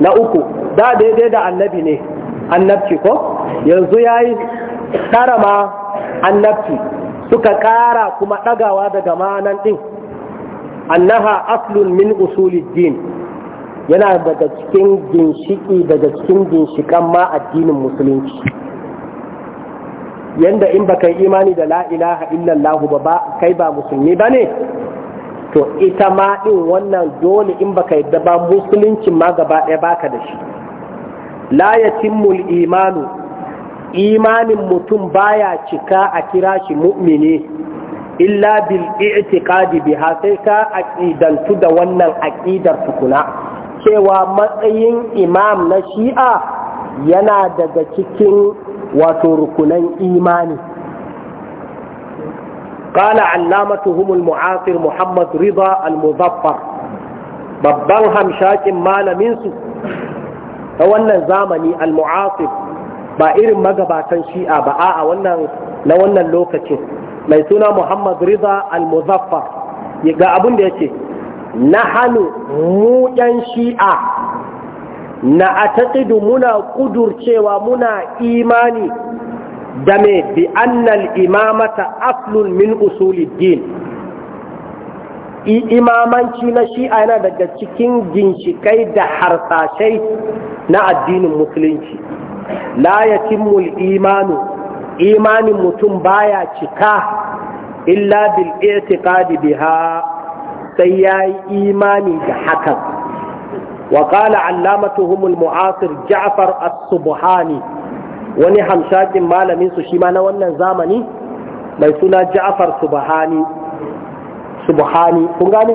S1: na uku da daidai da annabi ne annabci ko yanzu ya yi tsara ma annabci suka kara kuma ɗagawa daga manan ɗin annaha من min الدين yana daga cikin ginshiki daga cikin ginshikan ma addinin musulunci yanda in baka yi imani da la ilaha illallah ba kai ba musulmi bane to ita ma din wannan dole in baka yadda ba musulunci ma gaba ɗaya baka da shi la yatimmul imanu imanin mutum baya cika a kira shi mu'mini illa bil i'tiqadi biha sai ka aqidantu da wannan aqidar tukuna cewa matsayin imam na shi'a yana daga cikin wato rukunan imani قال علامتهم المعاصر muhammad رضا المظفر babban hamshakin malaminsu ta wannan zamani al-mu'asir ba irin magabatan shi'a ba a'a wannan na wannan lokacin mai suna muhammad riza al-muzaffar ga abin da yake nahanu mu yan shi'a na ataqidu muna ƙudurcewa muna imani da me bi annal imamata aflun min din imamanci na shi'a yana daga cikin ginshikai da harsashai na addinin musulunci la yatimmu imanu imanin mutum baya cika illa bil i'tiqadi biha sai yayi imani da hakan wa qala allamatuhum al mu'asir ja'far as-subhani wani hamshakin malamin su shi ma na wannan zamani mai suna ja'far subhani subhani kun gane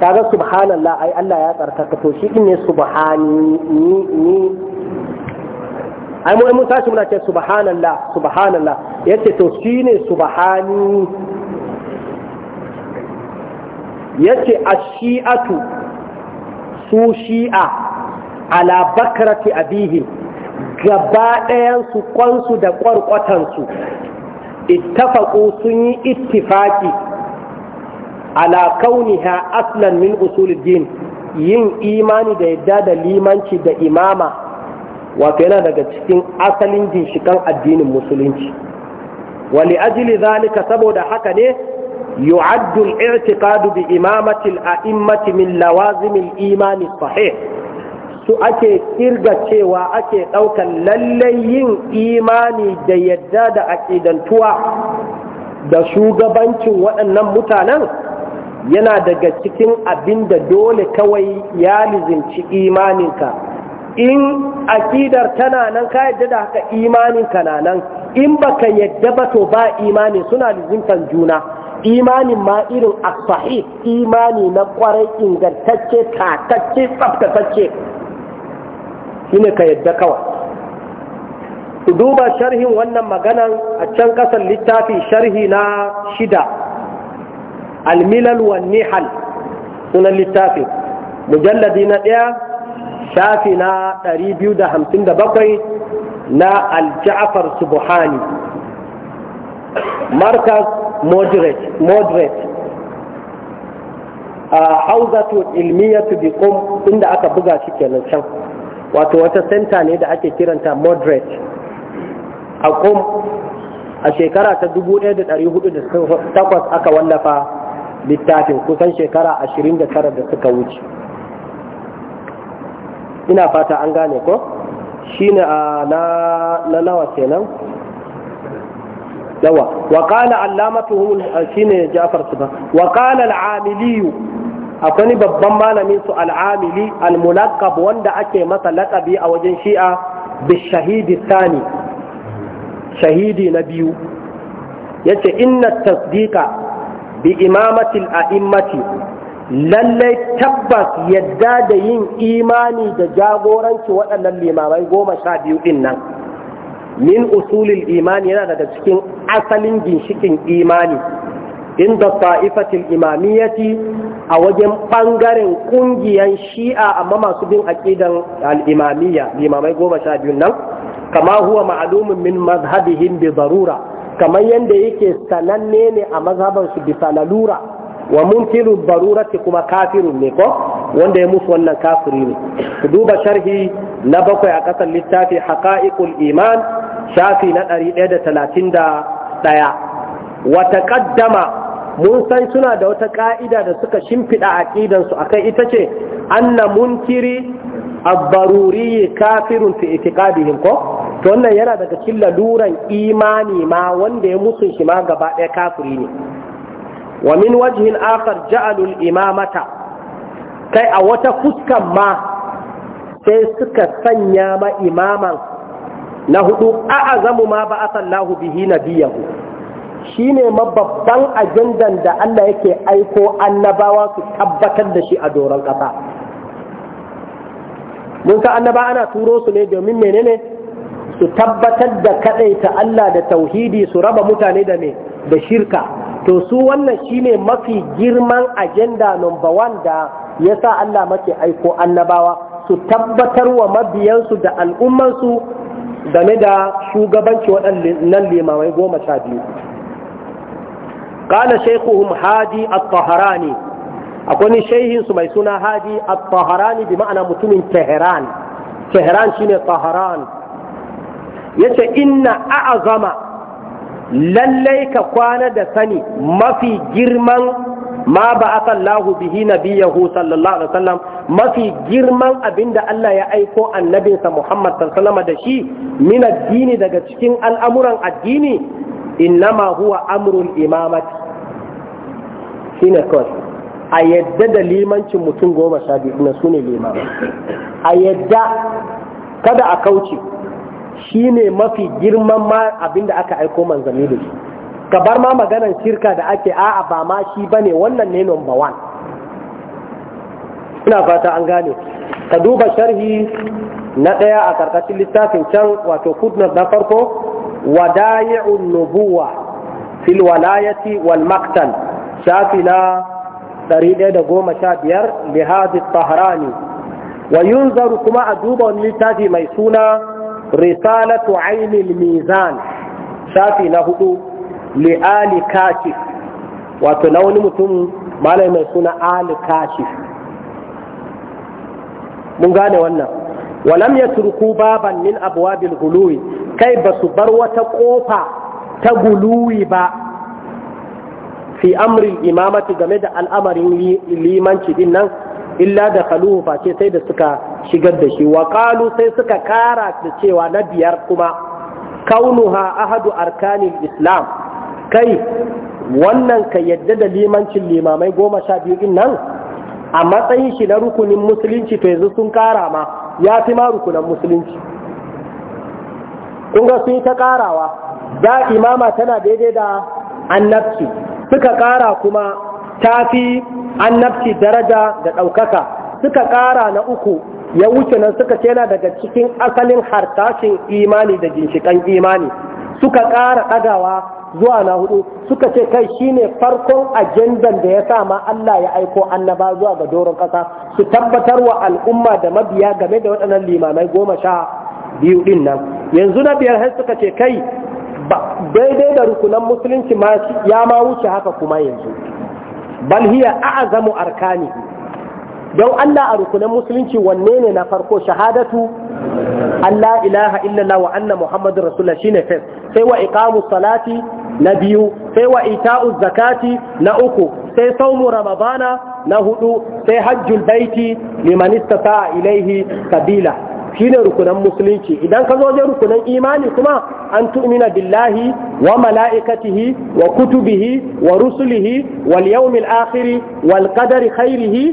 S1: kaga subhanallah ai Allah ya tsarkaka to shi ne subhani ni ai mu mun tashi muna ce subhanallah subhanallah yace to shine subhani yace ashiatu shiatu su shi'a ala bakrati abihi gaba ɗayan su kwansu da kwarkwatansu ittafaqu sun yi ittifaki ala kauniha aslan min usulid yin imani da yadda da limanci da imama wato yana daga cikin asalin ginshikan addinin musulunci wali ajili zalika saboda haka ne yu'addu al-i'tiqadu bi imamatil al-a'immati min lawazim al-iman sahih su ake kirga cewa ake ɗaukan lallai yin imani da yadda da aƙidantuwa da shugabancin waɗannan mutanen yana daga cikin abinda dole kawai ya lizinci imaninka in akidar tana nan ka yadda da haka imanin ka na nan in baka yadda ba to ba imani suna lizimtan juna imanin ma irin asahi imani na kwarai ingantacce tatacce tsaftatacce ne ka yadda kawai ku duba sharhin wannan maganan a can kasar littafi sharhi na shida almilal wa nihal sunan littafin mujalladi na ɗaya shafi na 257 na alja'afar subhani markaz moderate moderate a hauzatu ilmiyatu bi qum inda aka buga shi kenan can wato wata senta ne da ake kiranta moderate a qum a shekara ta 1408 aka wallafa littafin kusan shekara 29 da suka wuce ina fata an gane ko shine a na nawa kenan yawa wa qala allamatuhum shine Ja'far ba wa kala al-Amili akwai ni babban malamin su al-Amili al-mulaqab wanda ake masa laqabi a wajen Shi'a bi shahidi sani shahidi na biyu yace inna tasdika bi imamati al-a'immati lallai tabbas yadda da yin imani da jagoranci waɗannan limamai goma sha biyu ɗin nan min usulil imani yana daga cikin asalin ginshikin imani inda ta'ifatil imamiyyati a wajen ɓangaren ƙungiyar shi'a amma masu bin aƙidan al'imamiyya limamai goma sha biyu nan kama huwa ma'alumin min mazhabihim bi zarura kamar yadda yake sananne ne a mazhabansu bisa lalura wa munkiru darurati kuma kafirun ne ko wanda ya musu wannan kafiri ne duba sharhi na bakwai a kasar littafi haqa'iqul iman shafi na 131 wa taqaddama mun san suna da wata ka'ida da suka shimfida aqidan su akai ita ce anna munkiri abaruri kafirun fi itiqadihim ko to wannan yana daga cikin laluran imani ma wanda ya musu shi ma gaba ɗaya kafiri ne wa min wajhin akhar ja'alul imamata kai a wata fuskan ma sai suka sanya ma imaman na hudu a'azamu ma lahu bihi nabiyahu shine mababban ajandan da Allah yake aiko annabawa su tabbatar da shi a doron ƙasa mun san annaba ana turo su ne domin menene su tabbatar da kadaita Allah da tauhidi su raba mutane da me da shirka to su wannan shine mafi girman agenda number one da ya sa Allah make aiko annabawa su tabbatar wa mabiyansu da al'ummansu game da shugabanci waɗannan limamai goma sha biyu. Kala shaikuhum Hadi At-Taharani, akwai shaihin su mai suna Hadi At-Taharani bi ma'ana mutumin Tehran, Tehran shine Taharan, yace inna a'azama lallai ka kwana da sani mafi girman ma ba a sallahu bihi nabiyahu sallallahu alaihi wasallam mafi girman abinda Allah ya aiko annabinsa Muhammad sallallahu alaihi da shi min addini daga cikin al'amuran addini innama huwa amrul imamati shine kawai a yadda da limancin mutum goma sha biyu na su ne limamai a yadda kada a kauce Shi ne mafi girman ma abinda aka aiko manzanni da shi ka bar ma maganan shirka da ake a'a ba ma shi ba ne wannan ne number one ina fata an gane ka duba sharhi na ɗaya a ƙarƙashin littafin can wato kudnar na farko wadayi'un nubuwa fil walayati wal maktal shafi na biyar lihadi tahrani wa yunzaru kuma a duba wani littafi mai suna risalatu ainil mizan shafi na hudu li'ali kashif wato na wani mutum malai mai suna ali kashif mun gane wannan walam ya turku baban min abwabil guluwi kai ba su bar wata kofa ta guluwi ba fi amrin imamati game da al'amarin limanci din nan illa da kaluhu face sai da suka shigar da shi wa sai suka kara da cewa na biyar kuma kaunuha ahadu arkanin islam kai wannan ka yadda da limancin limamai goma sha biyu din nan a matsayin shi na rukunin musulunci to yanzu sun kara ma ya fi ma rukunan musulunci kun ga sun yi ta karawa da imama tana daidai da annabci suka kara kuma ta fi annabci daraja da ɗaukaka suka kara na uku ya wuce nan suka ce yana daga cikin asalin hartashin imani da ginshikan imani suka ƙara ɗagawa zuwa na hudu suka ce kai shine farkon ajandan da ya sa ma Allah ya aiko annaba zuwa ga doron ƙasa su tabbatar wa al'umma da mabiya game da waɗannan limamai goma sha biyu ɗin nan yanzu na biyar har suka ce kai daidai da rukunan musulunci ya ma wuce haka kuma yanzu bal hiya a'zamu arkanihi don Allah a rukunan musulunci wanne ne na farko shahadatu Allah ilaha illallah wa anna muhammadur rasulullah shine fes sai wa iqamu salati na biyu sai wa ita'u zakati na uku sai saumu ramadana na hudu sai hajjul baiti liman istata ilaihi sabila shine rukunan musulunci idan ka zo wajen rukunan imani kuma an tu'mina billahi wa mala'ikatihi wa kutubihi wa rusulihi wal yawmil akhir wal qadari khairihi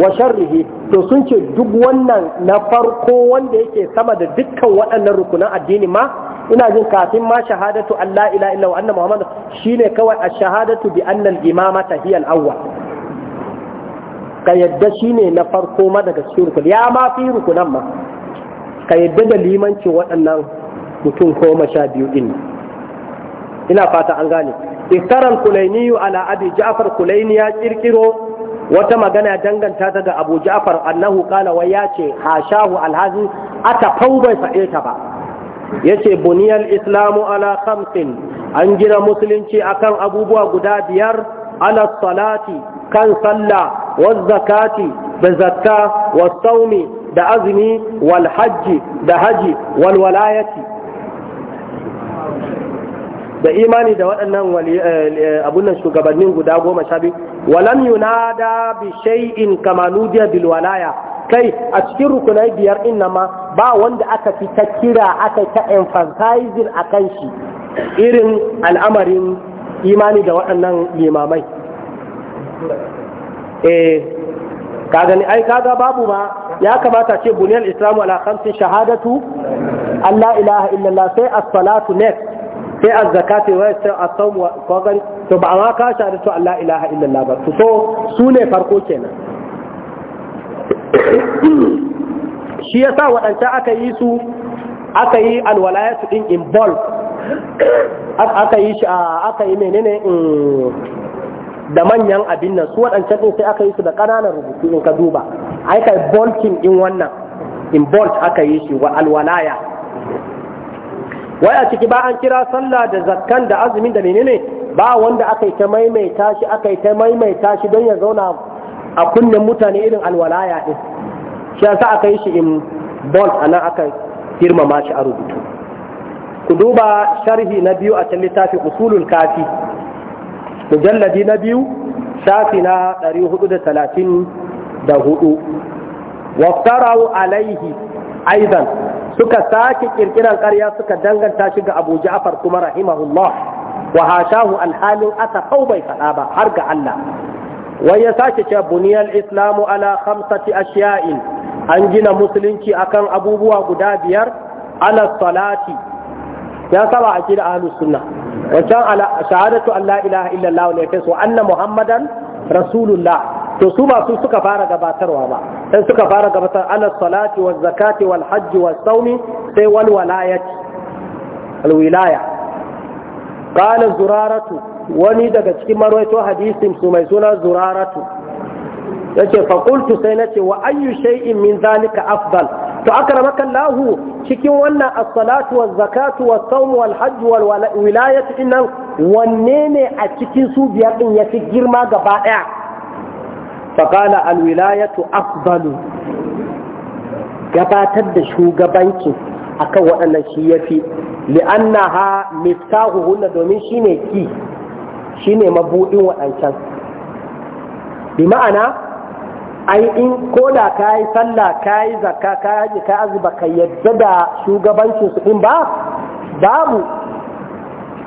S1: wa sharrihi to sun ce duk wannan na farko wanda yake sama da dukkan waɗannan rukunan addini ma ina jin kafin ma shahadatu Allah ila illa wa anna Muhammad shine kawai a shahadatu bi anna al-imamata hiya al-awwal ka yadda shine na farko ma daga cikin rukun ya ma fi rukunan ma ka yadda da limanci waɗannan mutum ko sha biyu ɗin ina fata an gane iftaran kulainiyu ala abi ja'far kulaini ya kirkiro wata magana danganta ta ga abu ja'far annahu qala wa yace ce hashahu alhazi ata fau bai faɗe ta ba yace buniyal islamu ala khamsin an gina musulunci akan abubuwa guda biyar ala salati kan sallah wa zakati da zakka wa saumi da azumi wal da haji da imani da waɗannan eh, eh, abunan shugabannin guda goma sha biyu walam yunada bi shay'in kama nudiya bil walaya kai a cikin rukunai biyar din nan ma ba wanda aka fi ta kira aka ta emphasizing akan shi irin al'amarin imani da waɗannan limamai eh ka gani ai kaga babu ma ya kamata ce buniyar islamu ala khamsin shahadatu Allah ilaha illallah sai as-salatu next sai az-zakatu wa sai as-sawm wa kogan to ba ma ka shahadatu Allah ilaha illallah ba to su ne farko kenan shi yasa waɗanda aka yi su aka yi alwalayatu din involve aka yi shi aka yi menene mm, da manyan abin nan su waɗancan ɗin sai aka yi su da ƙananan rubutu in ka duba ai kai bolting in wannan in bolt aka yi shi wa alwalaya wai a ciki ba an kira sallah da zakkan da azumin da menene ba wanda aka yi ta maimaita shi aka yi ta maimaita shi don ya zauna a kunnen mutane irin alwalaya ɗin shi yasa aka yi shi in bolt anan aka girmama shi a rubutu ku duba sharhi na biyu a can littafi usulul kafi mujalladi na biyu shafi na 434 waftarau alaihi aidan suka sake kirkiran ƙarya suka danganta shi ga Abu Ja'far kuma rahimahullah wa hashahu alhalin aka kau bai faɗa ba har ga Allah wai ya sake ce buniyal islamu ala khamsati ashiya'in an gina musulunci akan abubuwa guda biyar ala salati ya saba a kira ahlu sunna wancan shahadatu an la ilaha illallah ne kai so anna muhammadan rasulullah to su ba su suka fara gabatarwa ba sai suka fara gabatar ala salati wa zakati wal hajji wa saumi sai wal walayati al wilaya qala zuraratu wani daga cikin marwaito hadisin su mai suna zuraratu yace fa qultu sai nace wa ayyu shay'in min zalika afdal to akramakallahu cikin wannan as-salatu waz-zakatu was-sawm wal-hajj wal-wilayatu innan wanne ne a cikin su biyar din yafi girma gaba daya faqala al-wilayatu afdalu gabatar da shugabanci akan waɗannan shi yafi li'annaha miftahuhunna domin shine ki shine mabudin waɗancan bi ma'ana ai in ko da ka yi sallah ka yi zakka ka yi ka azuba ka yadda da shugabancin su din ba babu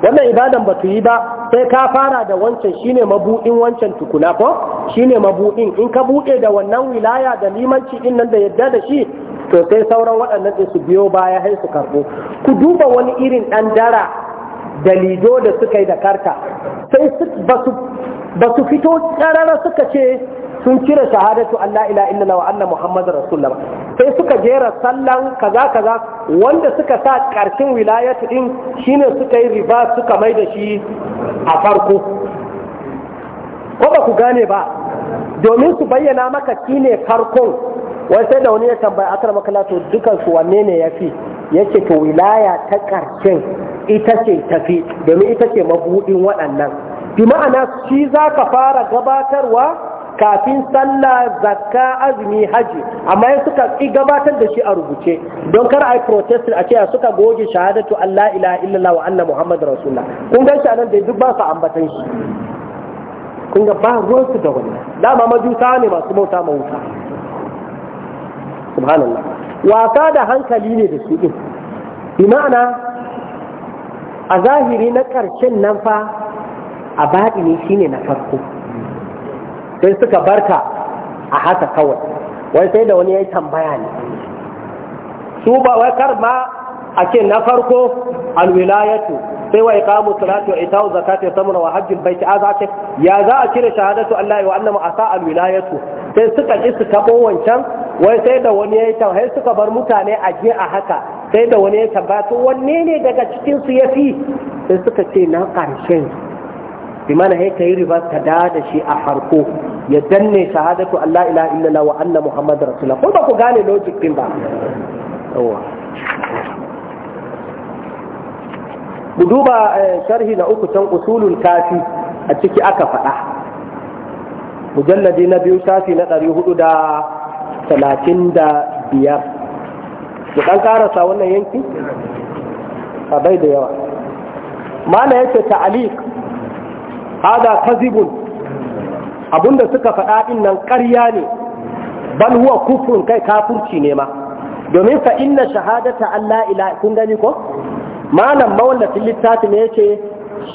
S1: wannan ibadan ba yi ba sai ka fara da wancan shine mabuɗin wancan tukuna ko shine mabuɗin in ka buɗe da wannan wilaya da limanci din nan da yadda da shi to sai sauran waɗannan din su biyo baya sai su karɓo ku duba wani irin ɗan dara da lido da suka yi da karka sai ba su fito ƙarara suka ce sun cire shahadatu Allah ila illallah wa anna Muhammadar Rasulullah sai suka jera sallan kaza kaza wanda suka sa karshen wilayatu din shine suka yi riba suka mai da shi a farko ko ba ku gane ba domin su bayyana maka shine farkon wai sai da wani ya tambaya akar makala to dukan su wanne ne yafi yace to wilaya ta karshen ita ce tafi domin ita ce mabudin waɗannan bi ma'ana shi za ka fara gabatarwa kafin sallah zakka azumi haji amma ya suka ki gabatar da shi a rubuce don kar a yi protest a cewa suka goge shahadatu Allah ilaha illallah wa anna muhammad rasulullah kun ga shi anan da duk ba su ambatan shi kun ga ba ruwan su da wannan dama majusa ne masu bauta ma subhanallah wasa da hankali ne da su din bi ma'ana a zahiri na karshen nan fa a baɗi ne shine na farko sai suka barka a haka kawai wai sai da wani ya yi tambaya ne su ba wai kar ma a ce na farko alwilayatu sai wa iqamu salati wa itau zakati wa wa hajjul baiti za ce ya za a cire shahadatu Allah wa annama asa alwilayatu sai suka ji su tabo wancan wai sai da wani ya yi tambaya suka bar mutane a je a haka sai da wani ya tambaya to wanne ne daga cikin su yafi sai suka ce na ƙarshen bi mana hai kai riba ka da da shi a harko ya danne shahadatu Allah ilaha illallah wa anna muhammad rasulullah ko ba ku gane logic din ba yawa mu duba eh, sharhi na uku can usulul kafi a ciki aka faɗa mujalladi na biyu shafi na ɗari hudu da talatin da biyar ku ɗan karasa wannan yankin? a bai da yawa Malam yace ta'aliq hada kazibun abinda suka faɗa ɗin nan ƙarya ne bal huwa kufrun kai kafurci ne ma domin fa inna shahadata Allah ila kun gani ko malam mawallafin littafin ne yake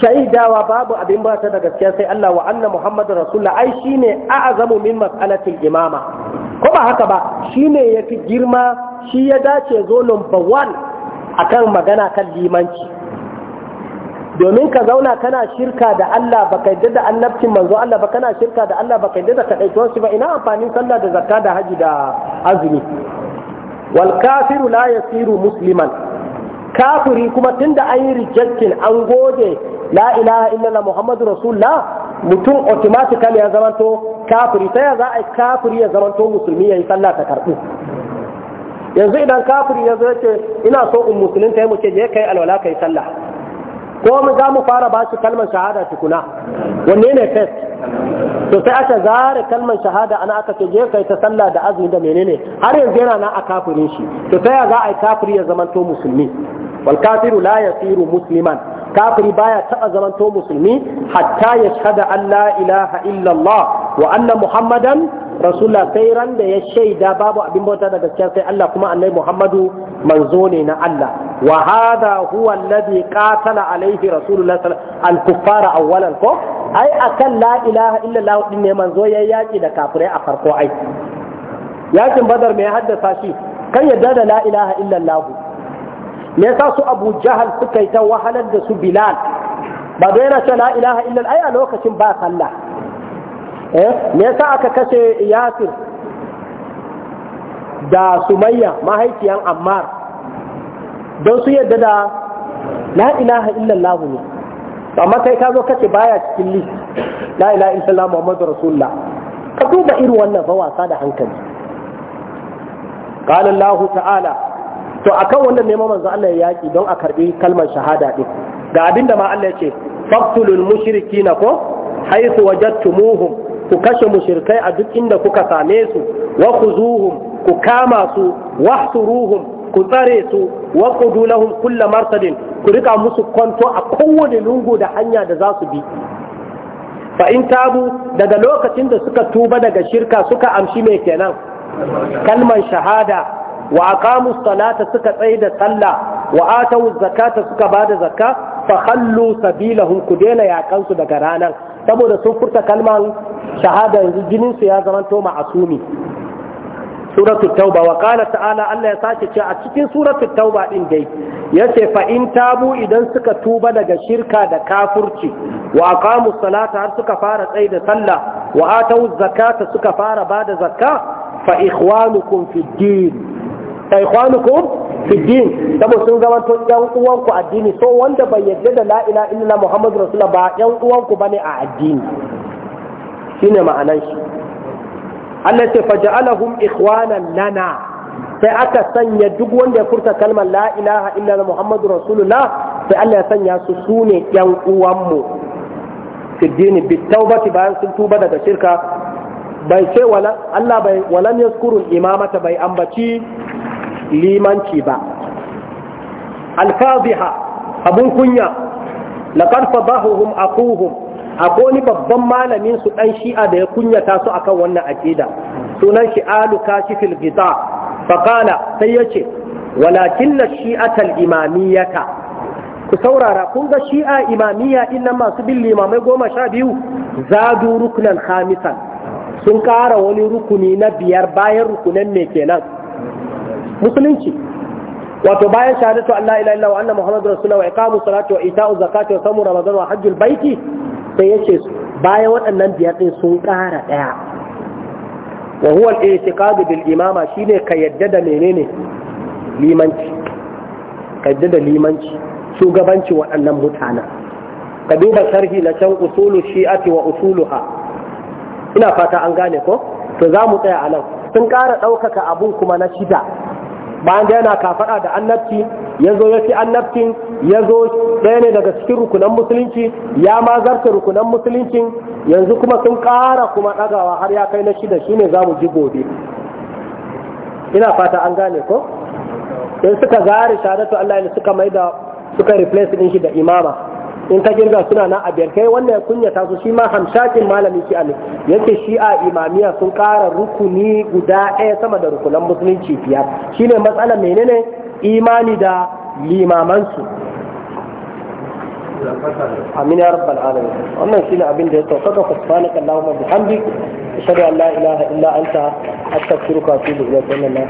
S1: shaidawa babu abin ba ta da gaskiya sai Allah wa anna Muhammadu Rasulullah ai shine a'zamu min mas'alatil imama ko ba haka ba shine yafi girma shi ya dace zo number 1 akan magana kan limanci domin ka zauna kana shirka da Allah ba kai da annabcin manzo Allah ba kana shirka da Allah ba kai da kadaituwar shi ba ina amfanin sallah da zakka da haji da azumi wal kafiru la yasiru musliman kafiri kuma tunda an yi rejectin an gode la ilaha illallah muhammadu rasulullah mutum automatically ya zamanto kafiri Sai ya za a kafiri ya zamanto musulmi ya yi sallah ta karbu yanzu idan kafiri ya zo ya ce ina so in musulunta ya mu ce je kai alwala kai sallah ko mu za mu fara ba shi kalmar shahada tukuna wanne ne test to sai aka zare kalmar shahada ana aka ce je kai ta sallah da azumi da menene har yanzu yana nan a kafirin shi to ya za a yi kafiri ya zamanto musulmi wal kafiru la yasiru musliman kafiri baya taba zamanto musulmi hatta ya shahada Allah ilaha illallah wa anna muhammadan rasulullah sai ran da ya shaida babu abin bauta da gaskiya sai Allah kuma annabi muhammadu manzo ne na Allah wa hadha huwa alladhi qatala alaihi rasulullah al-kuffara awwalan ko ai akan la ilaha illallah din ne manzo ya yaki da kafirai a farko ai yakin badar mai haddasa shi kan yarda da la ilaha illallah me yasa su abu jahal suka yi ta wahalar da su bilal ba da yana ce la ilaha illallah ai a lokacin ba sallah eh me yasa aka kashe yasir da sumayya mahaifiyan ammar don su yadda da la ilaha illallah ne amma kai ka zo kace baya cikin li la ilaha illallah muhammadur rasulullah ka duba irin wannan fa wasa da hankali qala allah ta'ala to akan wannan neman manzo Allah ya yaki don a karbi kalmar shahada din ga abinda ma Allah yake faqtulul mushrikina ko haythu wajadtumuhum ku kashe mushrikai a duk inda kuka same su wa khuzuhum ku kama su wahsuruhum ku tsare su wa qudu lahum kulla martadin ku rika musu kwanto a kowane lungu da hanya da za su bi fa in tabu daga lokacin da suka tuba daga shirka suka amshi mai kenan kalman shahada wa aqamu salata suka tsaye da sallah wa atawu zakata suka bada zakka fa khallu sabilahum ku daina yakan su daga ranan saboda sun furta kalman shahada yanzu jinin su ya zama to ma'asumi suratu tauba wa qala ta'ala Allah ya sace ce a cikin suratu tauba din dai yace fa in tabu idan suka tuba daga shirka da kafurci wa aqamu salata har suka fara tsayi da sallah wa atau zakata suka fara bada zakka fa ikhwanukum fi din fa ikhwanukum fi din sabo sun zama to yan uwanku addini so wanda bai yadda da la ilaha illallah muhammadur rasulullah ba yan uwanku bane a addini shine ma'anar shi Allah ce faja'alahum ikhwanan nana sai aka sanya duk wanda ya furta kalmar la ilaha illa Muhammadu Rasulullah sai Allah ya sanya su sune yan uwanmu fi dini bi taubati bayan sun tuba daga shirka bai ce wala Allah bai walam yaskuru imamata bai ambaci limanci ba al-fadhiha abun kunya laqad fadahuhum aquhum akwai wani babban malamin su dan shi'a da ya kunyata su akan wannan aqida sunan shi alu kashifil gita faqala sai yace walakin shi'atal imamiyata ku saurara kun ga shi'a imamiyya din nan masu bin limamai goma sha biyu zadu ruknan Hamisa sun kara wani rukuni na biyar bayan rukunan me kenan musulunci wato bayan shahadatu Allah ila illa wa anna muhammadur rasulullah wa iqamu salati wa ita'u zakati wa samu ramadan wa hajjul baiti sai ya ce bayan waɗannan biyar ɗin sun ƙara ɗaya wa huwa al-i'tiqadu bil imama shine ka yadda da menene limanci ka yadda da limanci shugabanci waɗannan mutanen ka duba sharhi na can usulu shi'ati wa usuluha ina fata an gane ko to za mu tsaya a nan sun ƙara ɗaukaka abun kuma na shida bayan da yana kafada da annabci ya zo ya ci annabcin ya zo ɗaya ne daga cikin rukunan musulunci ya ma zarta rukunan musulunci yanzu kuma sun ƙara kuma ɗagawa har ya kai na shida shine za mu ji gobe ina fata an gane ko sai suka zare shahadatu Allah ne suka da suka replace din shi da imama in ka girga suna na a kai wannan ya kunyata su shi ma hamshakin malami shi ne yake a imamiya sun kara rukuni guda ɗaya sama da rukunan musulunci biyar ne matsala menene imani da limamansu amin ya rabbal alamin wannan shine abin da ya taukaka ku subhanaka allahumma bihamdik ashhadu an la ilaha illa anta astaghfiruka wa atubu ilayk